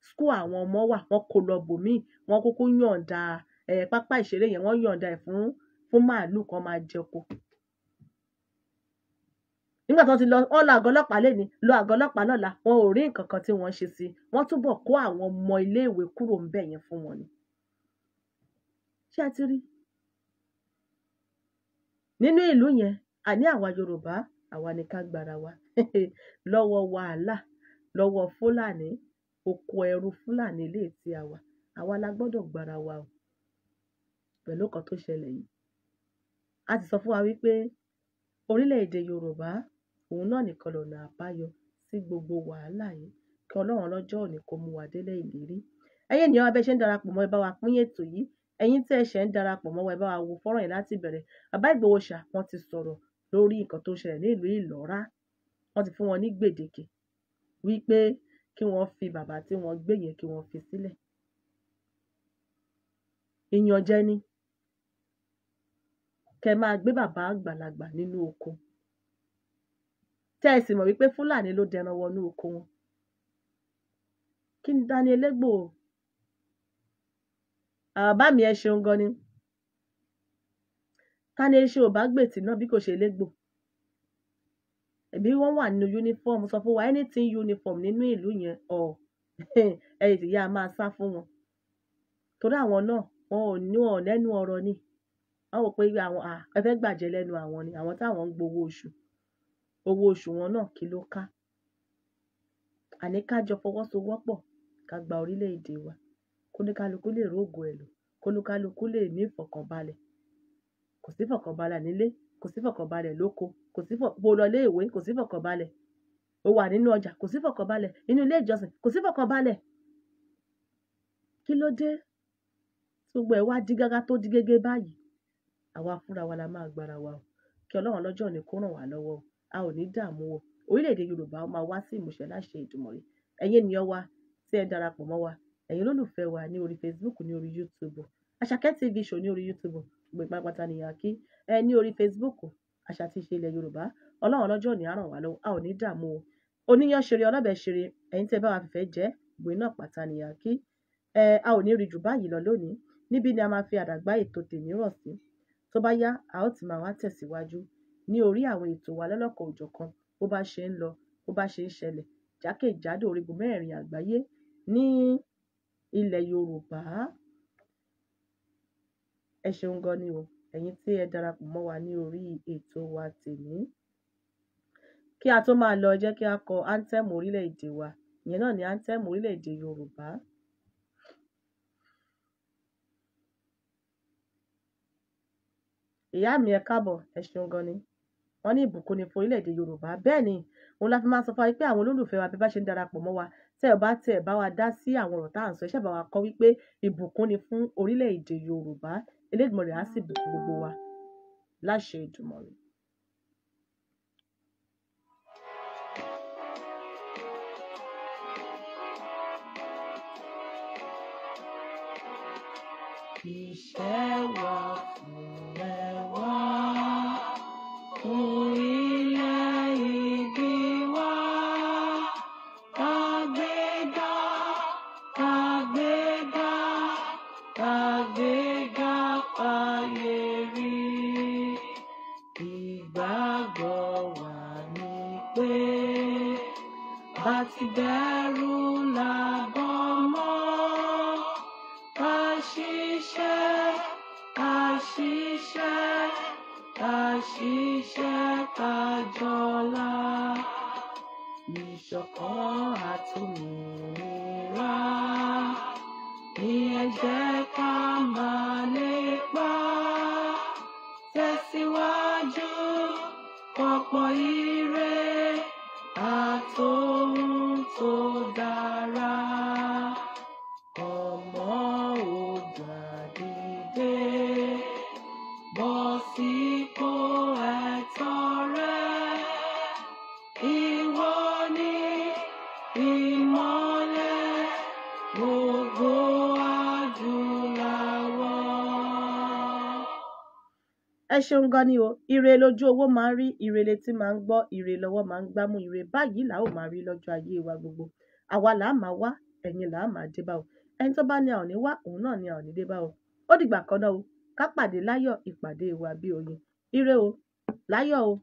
school àwọn ọmọ wà wọ́n kó lọ bòmíì wọ́n kúkú yọ̀ǹda eh, pápá ìṣeré yẹn wọ́n yọ̀ǹda ẹ̀ fún fún màálù kan máa jẹko nígbà tó ti lọ wọn lọ àgọ́ ọlọ́pàá lẹni lọ àgọ́ ọlọ́pàá lọ́la wọn ò rí nǹkan kan tí wọ́n ṣe sí wọ́n túbọ̀ kó àwọn ọmọ iléèwé kúrò ńbẹ̀ yẹn fún wọn ni ṣé a ti rí nínú ìlú yẹn àní àwa Yorùbá àwa ni ká gbára wa lọ́wọ́ wàhálà lọ́wọ́ Fúlàní oko ẹrú Fúlàní lè ti àwa àwa la gbọ́dọ̀ gbára wa o pẹ̀lú nǹkan tó ṣẹlẹ̀ yìí a ti sọ fún wa wípé orílẹ̀-èdè Yorùbá òun náà nìkan lọ̀nà àbáyọ sí gbogbo wàhálà yìí kí Ọlọ́run ọlọ́jọ́ òní kó mú wa délé ìlérí ẹ̀yin ènìyàn wa bẹ́ẹ̀ ń darapọ̀ mọ́ ẹ bá wa pín ètò yìí ẹ̀yin tí ẹ ń darapọ̀ mọ́ wa ẹ bá wa wo fọ́nrán yìí láti bẹ̀rẹ̀ Bàbá Ìgbòho Òòṣà wọ́n ti sọ̀rọ̀ lórí nǹkan tó ṣẹlẹ̀ ní ìlú Ìlọ́rà wọ́n ti fún wọn ní gbèdéke wípé kí wọ́n fi bàbá tí wọ́n gbé yẹn kí wọ́n fi sílẹ̀ ìyànjẹ ni kẹ́ máa gbé bàbá àgbàlagbà nínú oko tẹ́ ẹ sì mọ̀ wípé Fúlàní ló dẹran wọnú oko wọn kí ni Daniel Egbo bàbá mi ẹ ṣeun gan ni ká ní ṣe ò bá gbètì náà bí kò ṣe légbò ẹbí wọn wà nínú uniform sọ fún wa anything uniform nínú ìlú yẹn ọ ẹyẹ ti yá máa sá fún wọn torí àwọn náà wọn ò ní wọn lẹ́nu ọ̀rọ̀ ni wọn wò pé àwọn ẹ fẹ́ gbàjẹ lẹ́nu àwọn ni àwọn táwọn ń gbowó oṣù owó oṣù wọn náà kí ló ká àní ká jọ fọwọ́sowọ́pọ̀ ká gba orílẹ̀-èdè wa kóníkálukú lè rógo ẹ̀ lò kóníkálukú lè ní ìfọ̀kànbalẹ̀ kò sí fọ̀kànbalẹ̀ nílé kò sí fọ̀kànbalẹ̀ lóko kò sí fọ̀kànbalẹ̀ lọ ilé ìwé kò sí fọ̀kànbalẹ̀ o wà nínú ọjà kò sí fọ̀kànbalẹ̀ inú ilé ìjọsìn kò sí fọ̀kànbalẹ̀ kí ló dé gbogbo ẹ̀ wá di gágá tó di gégé báyìí àwa fúnra wa la máa gbára wa o kí ọlọ́run lọ́jọ́ ní kó ràn wá lọ́wọ́ o a ò ní dààmú o orílẹ̀-èdè yorùbá máa wá sí ìmúṣẹ láṣẹ ìdùmọ̀ yìí ènìyàn wa tí ẹ darapọ̀ mọ́ wa ẹ̀yin olólùfẹ́ wa ní orí facebook ní orí youtube àṣàkẹ́ tv show ní orí youtube gbogbo ìpapàtà nìyà kí ẹ ní orí Facebook àṣà tí ṣe ilẹ̀ Yorùbá ọlọ́run ọlọ́jọ́ òní àràn wá lọ́wọ́ a ò ní dààmú o oníyàn ṣeré ọlọ́bẹ̀ ṣeré ẹ̀yin tẹ́ bá wa fìfẹ́ jẹ́ gbé náà pàtà nìyà kí ẹ a ò ní rí jù báyìí lọ lónìí níbí ni a máa fi àdàgbà ètò tèmi rọ̀ sí tó bá yá a ó ti máa wá tẹ̀síwájú ní orí àwọn ètò wa lọ́lọ́kan òjọ̀kan bó bá ṣe ń lọ bó bá ṣe ń ṣẹlẹ̀ jákèjádò orígun mẹ́rin àgbáyé ní ilẹ̀ Yorùbá ẹ ṣeun gan ni o ẹ̀yin tí ẹ darapọ̀ mọ́ wa ní orí ètò wa tèmi kí a tó máa lọ jẹ́ kí a kọ anthem orílẹ̀ wa ìyẹn náà ni anthem orílẹ̀-èdè Yorùbá. ìyá mi ẹ káàbọ̀ ẹ ṣeun gan ni wọ́n ní ìbùkún ni fún orílẹ̀-èdè Yorùbá bẹ́ẹ̀ ni òun la fi máa sọ fún wa pé àwọn olólùfẹ́ wa bí bá ṣe ń darapọ̀ mọ́ wa tẹ́ ẹ bá tẹ́ ẹ bá wa dá sí àwọn ọ̀rọ̀ tá à ń sọ ẹ ṣáà wa kọ wípé ìbùkún ni fún orílẹ̀ Yorùbá Elédùmarè á sì bùkún gbogbo wa láṣẹ Èdùmarè. Iṣẹ́ wa fún. ṣeun gan ni o ire lójú owó máa ń rí ire létí máa ń gbọ́ ire lọ́wọ́ máa ń gbámú ire báyìí là ó máa rí lọ́jọ́ ayé wa gbogbo àwa là máa wá ẹ̀yin là máa dé bá o ẹni tó bá ní a ò ní wá òun náà ní a ò ní o ó dìgbà kan náà o ká pàdé láyọ̀ ìpàdé wa bí oyin ire o láyọ̀ o.